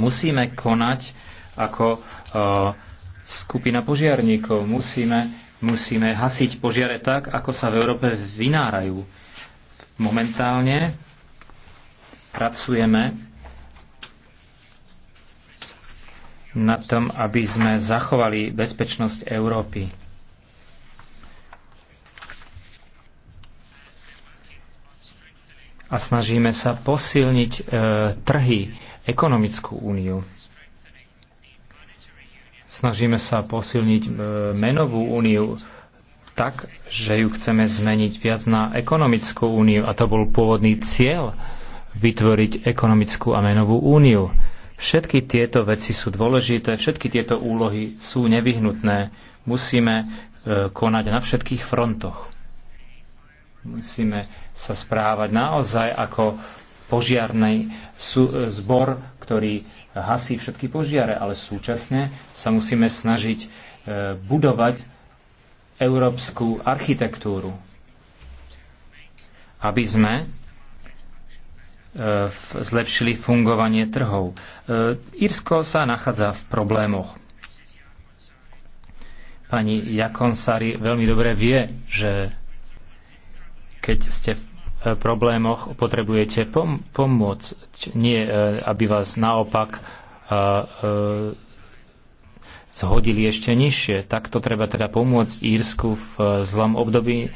musíme konať ako e, skupina požiarníkov. Musíme, musíme hasiť požiare tak, ako sa v Európe vynárajú. Momentálne pracujeme na tom, aby sme zachovali bezpečnosť Európy. a snažíme sa posilniť e, trhy, ekonomickú úniu. Snažíme sa posilniť e, menovú úniu tak, že ju chceme zmeniť viac na ekonomickú úniu a to bol pôvodný cieľ vytvoriť ekonomickú a menovú úniu. Všetky tieto veci sú dôležité, všetky tieto úlohy sú nevyhnutné. Musíme e, konať na všetkých frontoch. Musíme sa správať naozaj ako požiarný e, zbor, ktorý hasí všetky požiare, ale súčasne sa musíme snažiť e, budovať európsku architektúru, aby sme e, zlepšili fungovanie trhov. Írsko sa nachádza v problémoch. Pani Jakonsari veľmi dobre vie, že keď ste v e, problémoch, potrebujete pom- pomôcť, nie e, aby vás naopak e, zhodili ešte nižšie. Takto treba teda pomôcť Írsku v zlom období.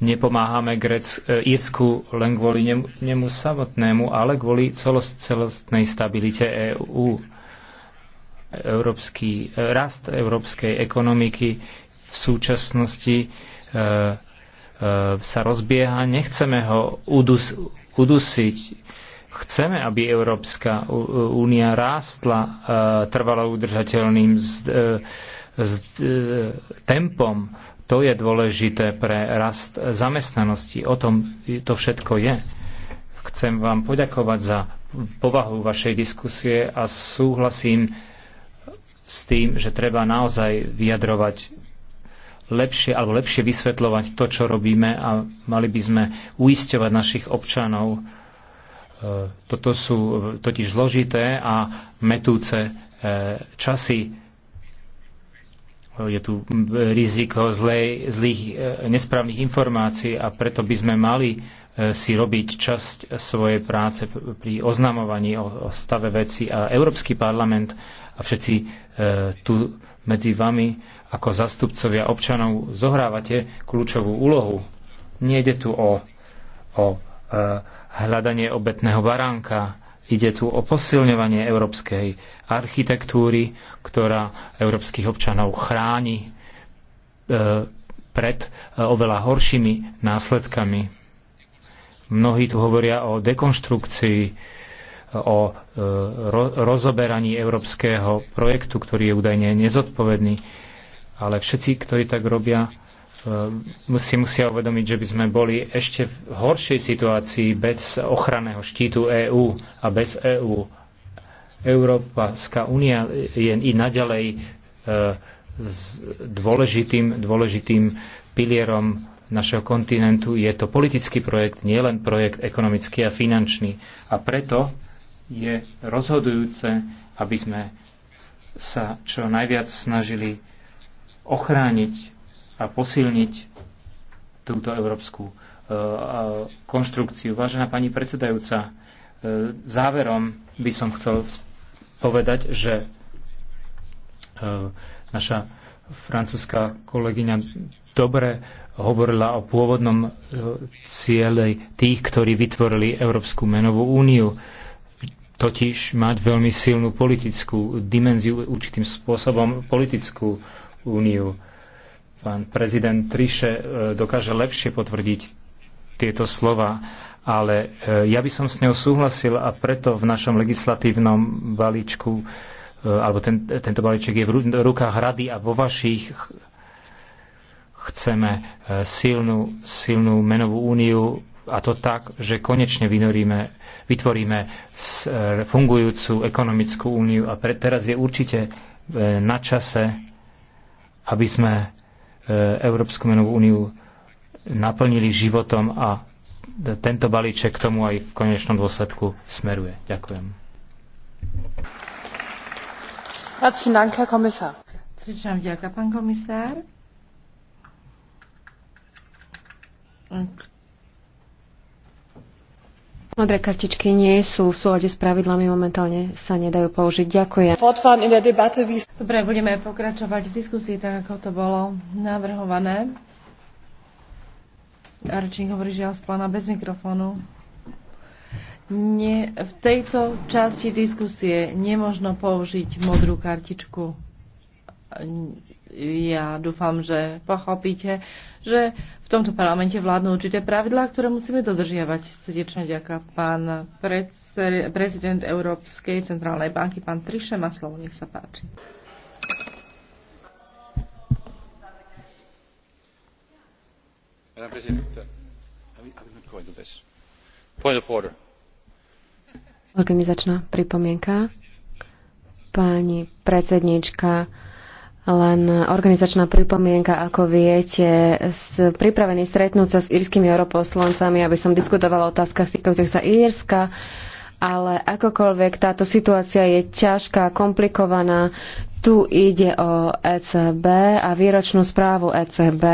Nepomáhame Grec, Írsku len kvôli nemu, nemu samotnému, ale kvôli celost, celostnej stabilite EÚ. EU. Európsky, rast európskej ekonomiky v súčasnosti E, sa rozbieha, nechceme ho udus, udusiť. Chceme, aby Európska únia rástla e, trvalo udržateľným z, e, z, tempom. To je dôležité pre rast zamestnanosti. O tom to všetko je. Chcem vám poďakovať za povahu vašej diskusie a súhlasím s tým, že treba naozaj vyjadrovať lepšie alebo lepšie vysvetľovať to, čo robíme a mali by sme uisťovať našich občanov. E, toto sú totiž zložité a metúce e, časy. E, je tu riziko zlej, zlých, nesprávnych informácií a preto by sme mali si robiť časť svojej práce pri oznamovaní o stave veci a Európsky parlament a všetci tu medzi vami ako zastupcovia občanov zohrávate kľúčovú úlohu. Nejde tu o, o e, hľadanie obetného baránka, ide tu o posilňovanie európskej architektúry, ktorá európskych občanov chráni e, pred e, oveľa horšími následkami. Mnohí tu hovoria o dekonštrukcii o e, rozoberaní európskeho projektu, ktorý je údajne nezodpovedný. Ale všetci, ktorí tak robia, e, si musia uvedomiť, že by sme boli ešte v horšej situácii bez ochranného štítu EÚ a bez EÚ. Európska únia je i naďalej e, s dôležitým, dôležitým pilierom našeho kontinentu. Je to politický projekt, nielen projekt ekonomický a finančný. A preto je rozhodujúce, aby sme sa čo najviac snažili ochrániť a posilniť túto európsku e, konštrukciu. Vážená pani predsedajúca, e, záverom by som chcel povedať, že e, naša francúzska kolegyňa dobre hovorila o pôvodnom ciele tých, ktorí vytvorili Európsku menovú úniu totiž mať veľmi silnú politickú dimenziu, určitým spôsobom politickú úniu. Pán prezident Triše e, dokáže lepšie potvrdiť tieto slova, ale e, ja by som s ňou súhlasil a preto v našom legislatívnom balíčku, e, alebo ten, tento balíček je v rukách rady a vo vašich chceme silnú, silnú menovú úniu, a to tak, že konečne vynoríme, vytvoríme e, fungujúcu ekonomickú úniu a pre, teraz je určite e, na čase, aby sme e, Európsku menovú úniu naplnili životom a tento balíček k tomu aj v konečnom dôsledku smeruje. Ďakujem. Herzlichen Dank, Herr Kommissar. Srdečná vďaka, pán komisár. Modré kartičky nie sú v súlade s pravidlami, momentálne sa nedajú použiť. Ďakujem. Dobre, budeme pokračovať v diskusii, tak ako to bolo navrhované. Arčín hovorí že ja plána bez mikrofónu. Nie, v tejto časti diskusie nemožno použiť modrú kartičku. Ja dúfam, že pochopíte, že v tomto parlamente vládnu určité pravidlá, ktoré musíme dodržiavať. Srdečne ďaká pán prezident Európskej centrálnej banky, pán Triše Maslov, nech sa páči. Madam President, uh, Point of order. Organizačná pripomienka. Pani predsednička, len organizačná pripomienka, ako viete, pripravený stretnúť sa s írskymi europoslancami, aby som diskutovala o otázkach týkajúcich sa Írska, ale akokoľvek táto situácia je ťažká, komplikovaná. Tu ide o ECB a výročnú správu ECB.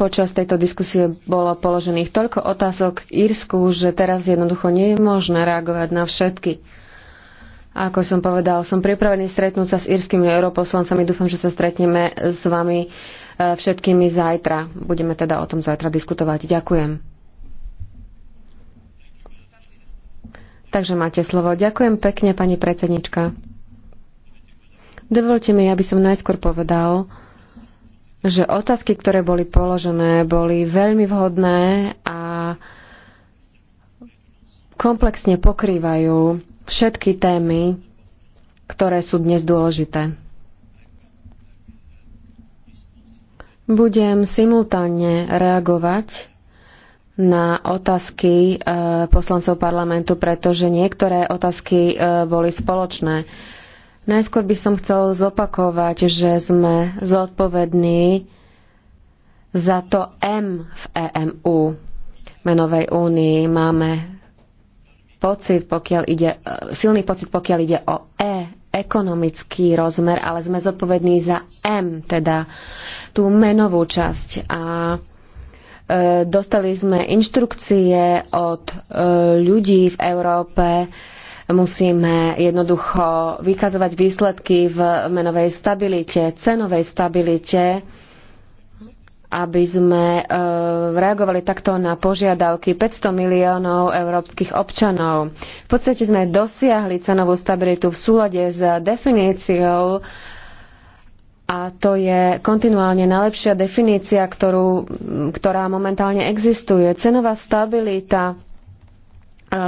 Počas tejto diskusie bolo položených toľko otázok k Írsku, že teraz jednoducho nie je možné reagovať na všetky. Ako som povedal, som pripravený stretnúť sa s írskymi europoslancami. Dúfam, že sa stretneme s vami e, všetkými zajtra. Budeme teda o tom zajtra diskutovať. Ďakujem. Takže máte slovo. Ďakujem pekne, pani predsednička. Dovolte mi, aby som najskôr povedal, že otázky, ktoré boli položené, boli veľmi vhodné a komplexne pokrývajú všetky témy, ktoré sú dnes dôležité. Budem simultánne reagovať na otázky e, poslancov parlamentu, pretože niektoré otázky e, boli spoločné. Najskôr by som chcel zopakovať, že sme zodpovední za to M v EMU, menovej únii. Máme pocit, pokiaľ ide, e, silný pocit, pokiaľ ide o E, ekonomický rozmer, ale sme zodpovední za M, teda tú menovú časť. A e, dostali sme inštrukcie od e, ľudí v Európe, musíme jednoducho vykazovať výsledky v menovej stabilite, cenovej stabilite aby sme e, reagovali takto na požiadavky 500 miliónov európskych občanov. V podstate sme dosiahli cenovú stabilitu v súlade s definíciou a to je kontinuálne najlepšia definícia, ktorú, ktorá momentálne existuje. Cenová stabilita e,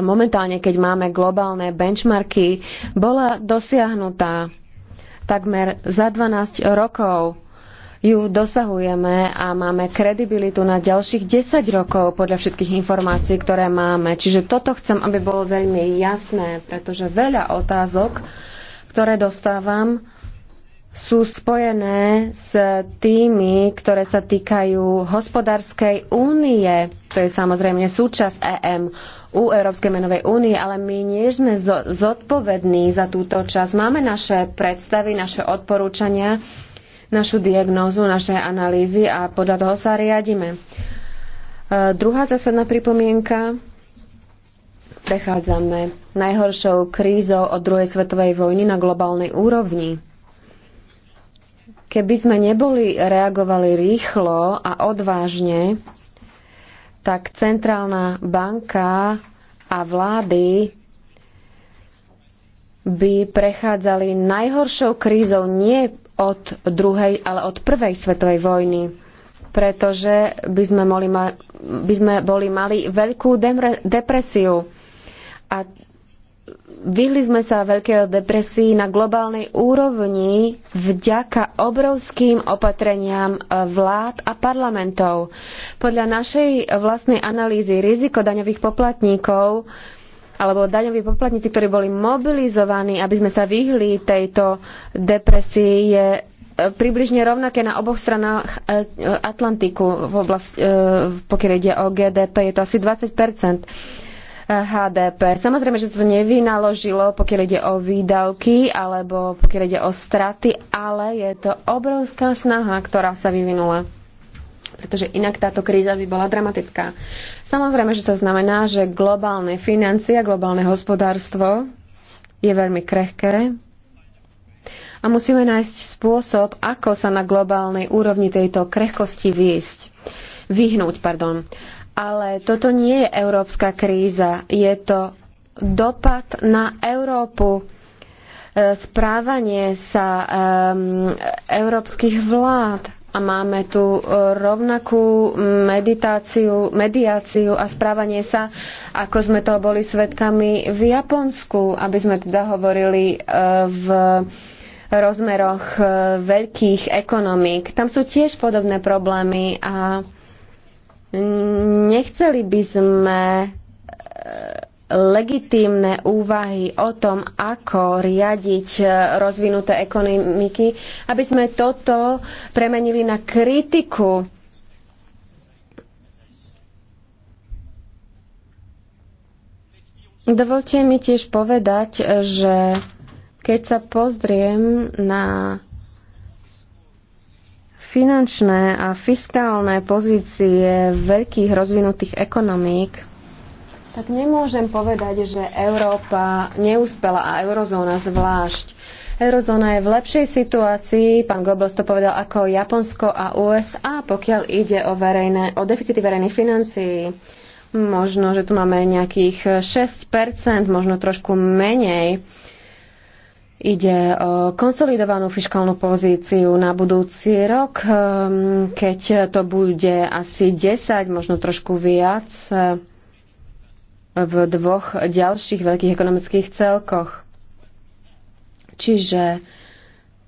momentálne, keď máme globálne benchmarky, bola dosiahnutá takmer za 12 rokov ju dosahujeme a máme kredibilitu na ďalších 10 rokov podľa všetkých informácií, ktoré máme. Čiže toto chcem, aby bolo veľmi jasné, pretože veľa otázok, ktoré dostávam, sú spojené s tými, ktoré sa týkajú hospodárskej únie. To je samozrejme súčasť EM u Európskej menovej únie, ale my nie sme zodpovední za túto časť. Máme naše predstavy, naše odporúčania, našu diagnózu, naše analýzy a podľa toho sa riadime. E, druhá zásadná pripomienka. Prechádzame najhoršou krízou od druhej svetovej vojny na globálnej úrovni. Keby sme neboli reagovali rýchlo a odvážne, tak centrálna banka a vlády by prechádzali najhoršou krízou nie od druhej, ale od prvej svetovej vojny, pretože by sme, mali by sme boli mali veľkú demre, depresiu. A vyhli sme sa veľkej depresii na globálnej úrovni vďaka obrovským opatreniam e, vlád a parlamentov. Podľa našej vlastnej analýzy riziko daňových poplatníkov alebo daňoví poplatníci, ktorí boli mobilizovaní, aby sme sa vyhli tejto depresii, je e, približne rovnaké na oboch stranách e, Atlantiku, v oblasti, e, pokiaľ ide o GDP, je to asi 20 HDP. Samozrejme, že sa to nevynaložilo, pokiaľ ide o výdavky alebo pokiaľ ide o straty, ale je to obrovská snaha, ktorá sa vyvinula pretože inak táto kríza by bola dramatická. Samozrejme, že to znamená, že globálne financie a globálne hospodárstvo je veľmi krehké a musíme nájsť spôsob, ako sa na globálnej úrovni tejto krehkosti výjsť, vyhnúť. Pardon. Ale toto nie je európska kríza, je to dopad na Európu, e, správanie sa um, európskych vlád a máme tu e, rovnakú meditáciu, mediáciu a správanie sa, ako sme toho boli svedkami v Japonsku, aby sme teda hovorili e, v rozmeroch e, veľkých ekonomík. Tam sú tiež podobné problémy a nechceli by sme legitímne úvahy o tom, ako riadiť e, rozvinuté ekonomiky, aby sme toto premenili na kritiku Dovolte mi tiež povedať, že keď sa pozriem na finančné a fiskálne pozície veľkých rozvinutých ekonomík, tak nemôžem povedať, že Európa neúspela a eurozóna zvlášť. Eurozóna je v lepšej situácii, pán Goebbels to povedal, ako Japonsko a USA, pokiaľ ide o, verejné, o deficity verejných financií. Možno, že tu máme nejakých 6%, možno trošku menej. Ide o konsolidovanú fiskálnu pozíciu na budúci rok, ehm, keď to bude asi 10, možno trošku viac v dvoch ďalších veľkých ekonomických celkoch. Čiže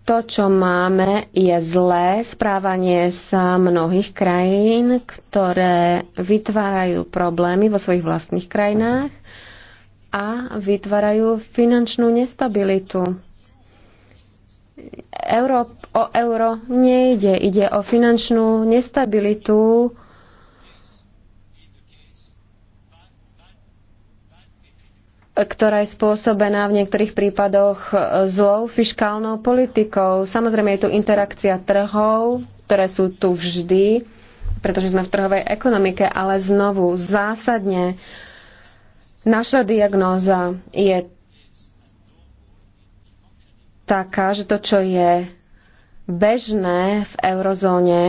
to, čo máme, je zlé správanie sa mnohých krajín, ktoré vytvárajú problémy vo svojich vlastných krajinách a vytvárajú finančnú nestabilitu. Euró- o euro nejde, ide o finančnú nestabilitu ktorá je spôsobená v niektorých prípadoch e, zlou fiškálnou politikou. Samozrejme je tu interakcia trhov, ktoré sú tu vždy, pretože sme v trhovej ekonomike, ale znovu zásadne naša diagnóza je taká, že to, čo je bežné v eurozóne,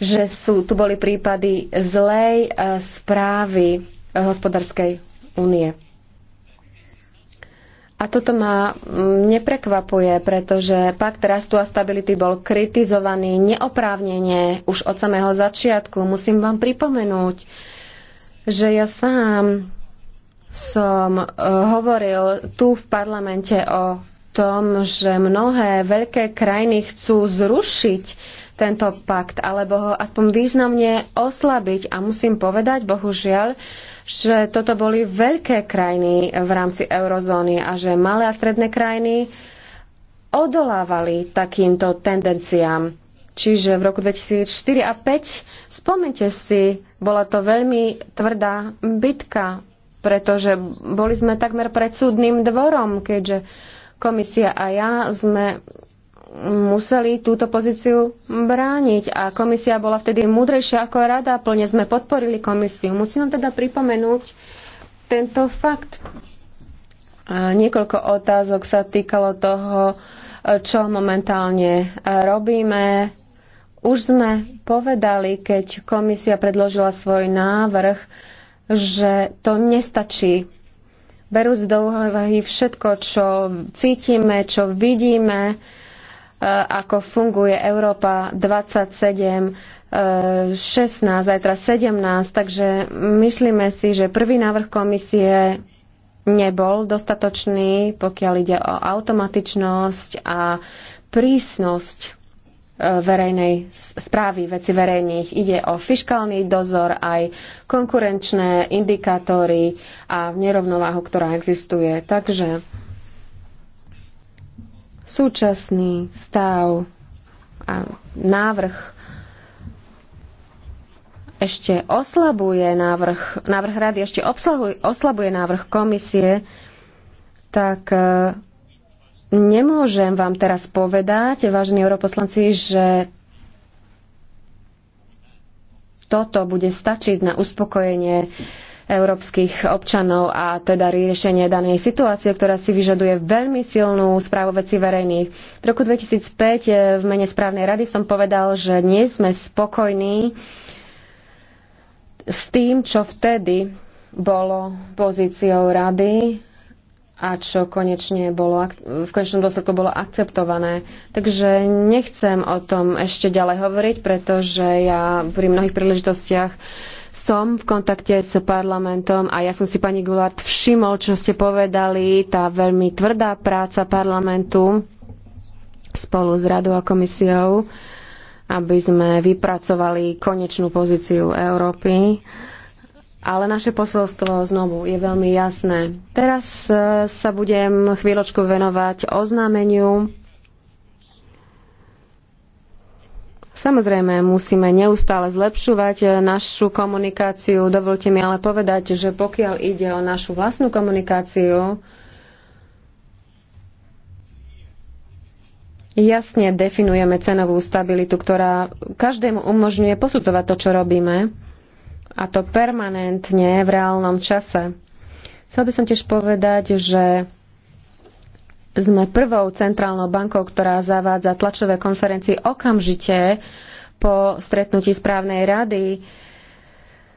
že sú, tu boli prípady zlej e, správy hospodárskej únie. A toto ma mm, neprekvapuje, pretože pakt rastu a stability bol kritizovaný neoprávnene už od samého začiatku. Musím vám pripomenúť, že ja sám som e, hovoril tu v parlamente o tom, že mnohé veľké krajiny chcú zrušiť tento pakt alebo ho aspoň významne oslabiť. A musím povedať, bohužiaľ, že toto boli veľké krajiny v rámci eurozóny a že malé a stredné krajiny odolávali takýmto tendenciám. Čiže v roku 2004 a 2005, spomente si, bola to veľmi tvrdá bitka, pretože boli sme takmer pred súdnym dvorom, keďže komisia a ja sme museli túto pozíciu brániť a komisia bola vtedy múdrejšia ako rada, plne sme podporili komisiu. Musím teda pripomenúť tento fakt. A niekoľko otázok sa týkalo toho, čo momentálne robíme. Už sme povedali, keď komisia predložila svoj návrh, že to nestačí. Berúc do úvahy všetko, čo cítime, čo vidíme, E, ako funguje Európa 27, 16, aj teraz 17, takže myslíme si, že prvý návrh komisie nebol dostatočný, pokiaľ ide o automatičnosť a prísnosť e, verejnej správy veci verejných. Ide o fiskálny dozor, aj konkurenčné indikátory a nerovnováhu, ktorá existuje. Takže súčasný stav a návrh ešte oslabuje návrh, návrh rady ešte oslabuje návrh komisie, tak e, nemôžem vám teraz povedať, vážení europoslanci, že toto bude stačiť na uspokojenie európskych občanov a teda riešenie danej situácie, ktorá si vyžaduje veľmi silnú správu veci verejných. V roku 2005 e, v mene správnej rady som povedal, že nie sme spokojní s tým, čo vtedy bolo pozíciou rady a čo konečne bolo, v konečnom dôsledku bolo akceptované. Takže nechcem o tom ešte ďalej hovoriť, pretože ja pri mnohých príležitostiach uh, som v kontakte s parlamentom a ja som si, pani Gulard, všimol, čo ste povedali, tá veľmi tvrdá práca parlamentu spolu s radou a komisiou, aby sme vypracovali konečnú pozíciu Európy. Ale naše posolstvo znovu je veľmi jasné. Teraz eh, sa budem chvíľočku venovať oznámeniu Samozrejme, musíme neustále zlepšovať eh, našu komunikáciu. Dovolte mi ale povedať, že pokiaľ ide o našu vlastnú komunikáciu, jasne definujeme cenovú stabilitu, ktorá každému umožňuje posudzovať to, čo robíme, a to permanentne v reálnom čase. Chcel by som tiež povedať, že sme prvou centrálnou bankou, ktorá zavádza tlačové konferencie okamžite po stretnutí správnej rady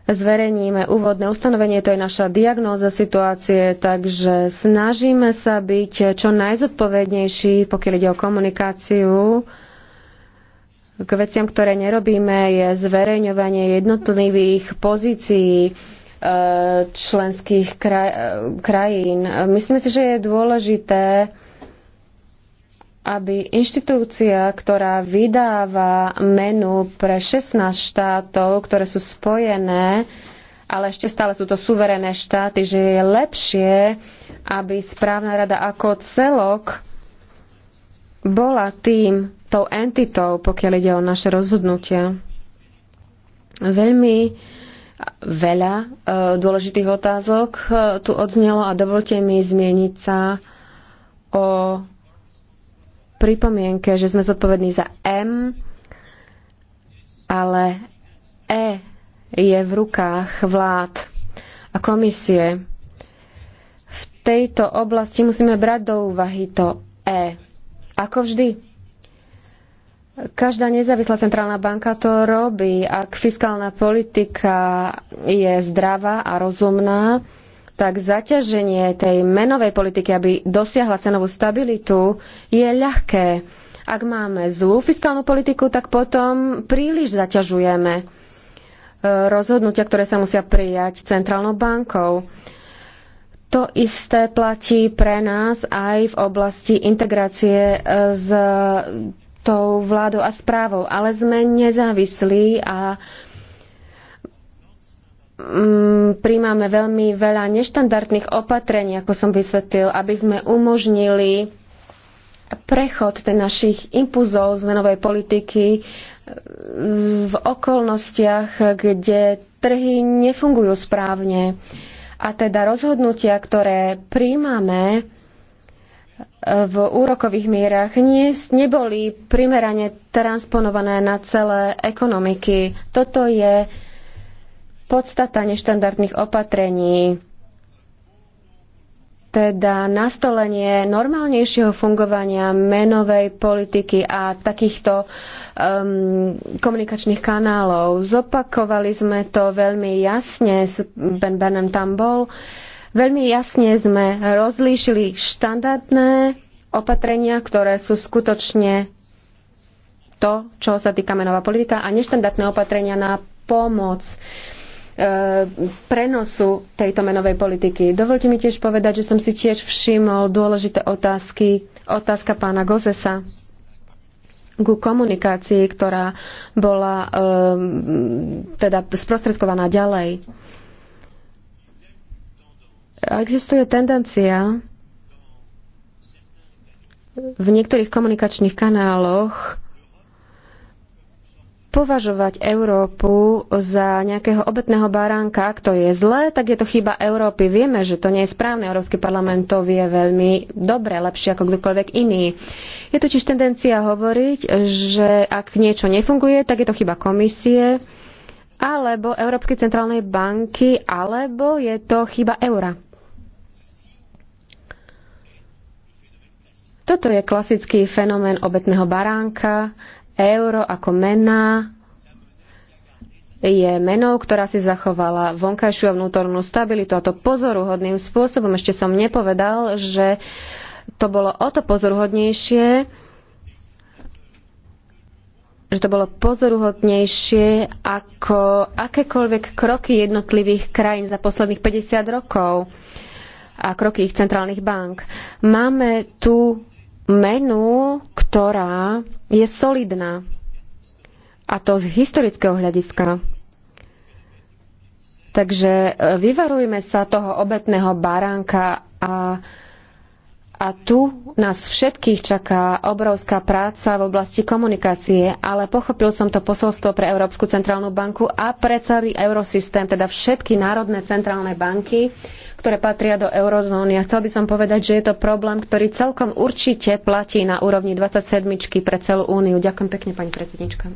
zverejníme úvodné ustanovenie, to je naša diagnóza situácie, takže snažíme sa byť čo najzodpovednejší, pokiaľ ide o komunikáciu. K veciam, ktoré nerobíme, je zverejňovanie jednotlivých pozícií e, členských kraj, e, krajín. Myslím si, že je dôležité aby inštitúcia, ktorá vydáva menu pre 16 štátov, ktoré sú spojené, ale ešte stále sú to suverené štáty, že je lepšie, aby správna rada ako celok bola tým, tou entitou, pokiaľ ide o naše rozhodnutia. Veľmi veľa e, dôležitých otázok e, tu odznelo a dovolte mi zmieniť sa o pripomienke, že sme zodpovední za M, ale E je v rukách vlád a komisie. V tejto oblasti musíme brať do úvahy to E. Ako vždy. Každá nezávislá centrálna banka to robí. Ak fiskálna politika je zdravá a rozumná, tak zaťaženie tej menovej politiky, aby dosiahla cenovú stabilitu, je ľahké. Ak máme zlú fiskálnu politiku, tak potom príliš zaťažujeme e, rozhodnutia, ktoré sa musia prijať centrálnou bankou. To isté platí pre nás aj v oblasti integrácie e, s tou vládou a správou, ale sme nezávislí a Mm, príjmame veľmi veľa neštandardných opatrení, ako som vysvetlil, aby sme umožnili prechod našich impulzov z menovej politiky e, v okolnostiach, kde trhy nefungujú správne. A teda rozhodnutia, ktoré príjmame e, v úrokových mierach, nie, neboli primerane transponované na celé ekonomiky. Toto je podstata neštandardných opatrení, teda nastolenie normálnejšieho fungovania menovej politiky a takýchto um, komunikačných kanálov. Zopakovali sme to veľmi jasne, Ben Bernam tam bol, veľmi jasne sme rozlíšili štandardné opatrenia, ktoré sú skutočne to, čo sa týka menová politika a neštandardné opatrenia na pomoc. Um, Eh, prenosu tejto menovej politiky. Dovolte mi tiež povedať, že som si tiež všimol dôležité otázky, otázka pána Gozesa ku komunikácii, ktorá bola eh, teda sprostredkovaná ďalej. Existuje tendencia v niektorých komunikačných kanáloch považovať Európu za nejakého obetného baránka, ak to je zlé, tak je to chyba Európy. Vieme, že to nie je správne. Európsky parlament to vie veľmi dobre, lepšie ako kdokoľvek iný. Je totiž tendencia hovoriť, že ak niečo nefunguje, tak je to chyba komisie alebo Európskej centrálnej banky, alebo je to chyba eura. Toto je klasický fenomén obetného baránka, Euro ako mena je menou, ktorá si zachovala vonkajšiu a vnútornú stabilitu a to pozoruhodným spôsobom. Ešte som nepovedal, že to bolo o to pozoruhodnejšie, že to bolo pozoruhodnejšie ako akékoľvek kroky jednotlivých krajín za posledných 50 rokov a kroky ich centrálnych bank. Máme tu menu, ktorá je solidná. A to z historického hľadiska. Takže e, vyvarujme sa toho obetného baránka a, a tu nás všetkých čaká obrovská práca v oblasti komunikácie, ale pochopil som to posolstvo pre Európsku centrálnu banku a pre celý eurosystém, teda všetky národné centrálne banky, ktoré patria do eurozóny. A chcel by som povedať, že je to problém, ktorý celkom určite platí na úrovni 27 pre celú úniu. Ďakujem pekne, pani predsednička.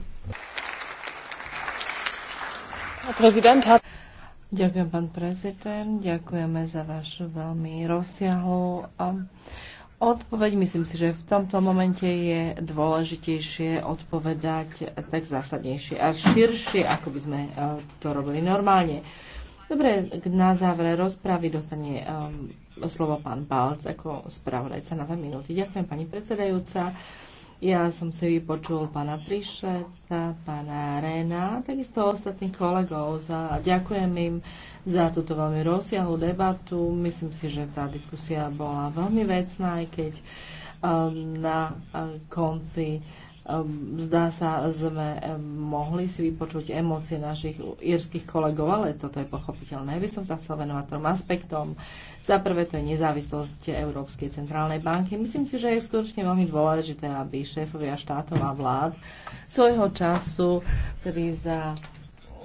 Ďakujem, pán prezident. Ďakujeme za vašu veľmi rozsiahlu um, odpoveď. Myslím si, že v tomto momente je dôležitejšie odpovedať tak zásadnejšie a širšie, ako by sme uh, to robili normálne. Dobre, na záver rozpravy dostane um, slovo pán Balc ako spravodajca na 2 minúty. Ďakujem pani predsedajúca. Ja som si vypočul pána Prišeta, pána Rena, takisto ostatných kolegov. Za, ďakujem im za túto veľmi rozsiahlu debatu. Myslím si, že tá diskusia bola veľmi vecná, aj keď um, na uh, konci uh, Ehm, zdá sa, sme ehm, mohli si vypočuť emócie našich írskych kolegov, ale toto je pochopiteľné. By som sa chcel venovať trom aspektom. Za prvé to je nezávislosť Európskej centrálnej banky. Myslím si, že je skutočne veľmi dôležité, aby šéfovia štátov a vlád svojho času, ktorý za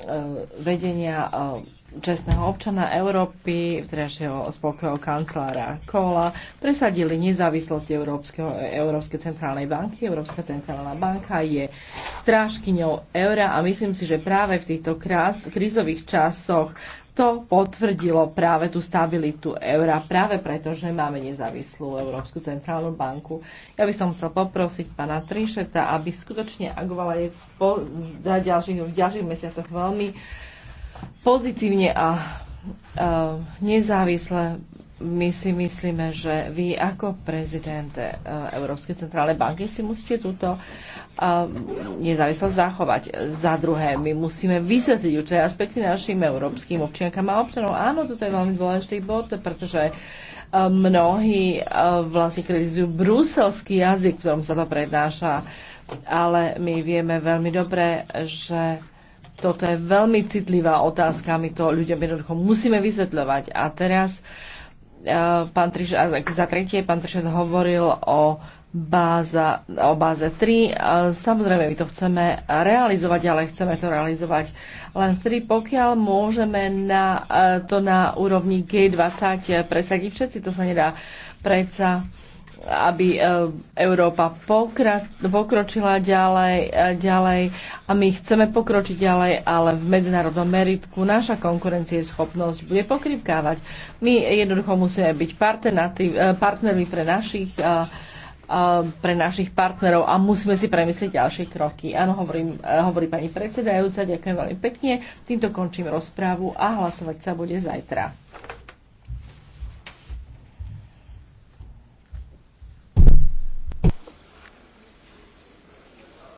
ehm, vedenia čestného občana Európy, vtedajšieho spolkového kancelára Kola, presadili nezávislosť Európskeho, Európskej centrálnej banky. Európska centrálna banka je strážkyňou eura a myslím si, že práve v týchto krás, časoch to potvrdilo práve tú stabilitu eura, práve preto, že máme nezávislú Európsku centrálnu banku. Ja by som chcel poprosiť pána Trišeta, aby skutočne agovala je po, v ďalších, v ďalších mesiacoch veľmi pozitívne a nezávisle my si myslíme, že vy ako prezident e, Európskej centrálnej banky si musíte túto e, nezávislosť zachovať. Za druhé, my musíme vysvetliť určité aspekty našim európskym občiankám a občanom. Áno, toto je veľmi dôležitý bod, pretože e, mnohí vlastne kritizujú bruselský jazyk, ktorom sa to prednáša, ale my vieme veľmi dobre, že toto je veľmi citlivá otázka, my to ľuďom jednoducho musíme vysvetľovať. A teraz e, pán Triš, za tretie pán Trišet hovoril o báza, o báze 3. E, samozrejme, my to chceme realizovať, ale chceme to realizovať len vtedy, pokiaľ môžeme na, e, to na úrovni G20 presadiť. Všetci to sa nedá predsa aby e, Európa pokročila ďalej, e, ďalej a my chceme pokročiť ďalej, ale v medzinárodnom meritku naša konkurencieschopnosť bude pokrivkávať. My jednoducho musíme byť e, partnermi pre našich pre našich partnerov a musíme si premyslieť ďalšie kroky. Áno, hovorím, hovorí pani predsedajúca, ďakujem veľmi pekne. Týmto končím rozprávu a hlasovať sa bude zajtra.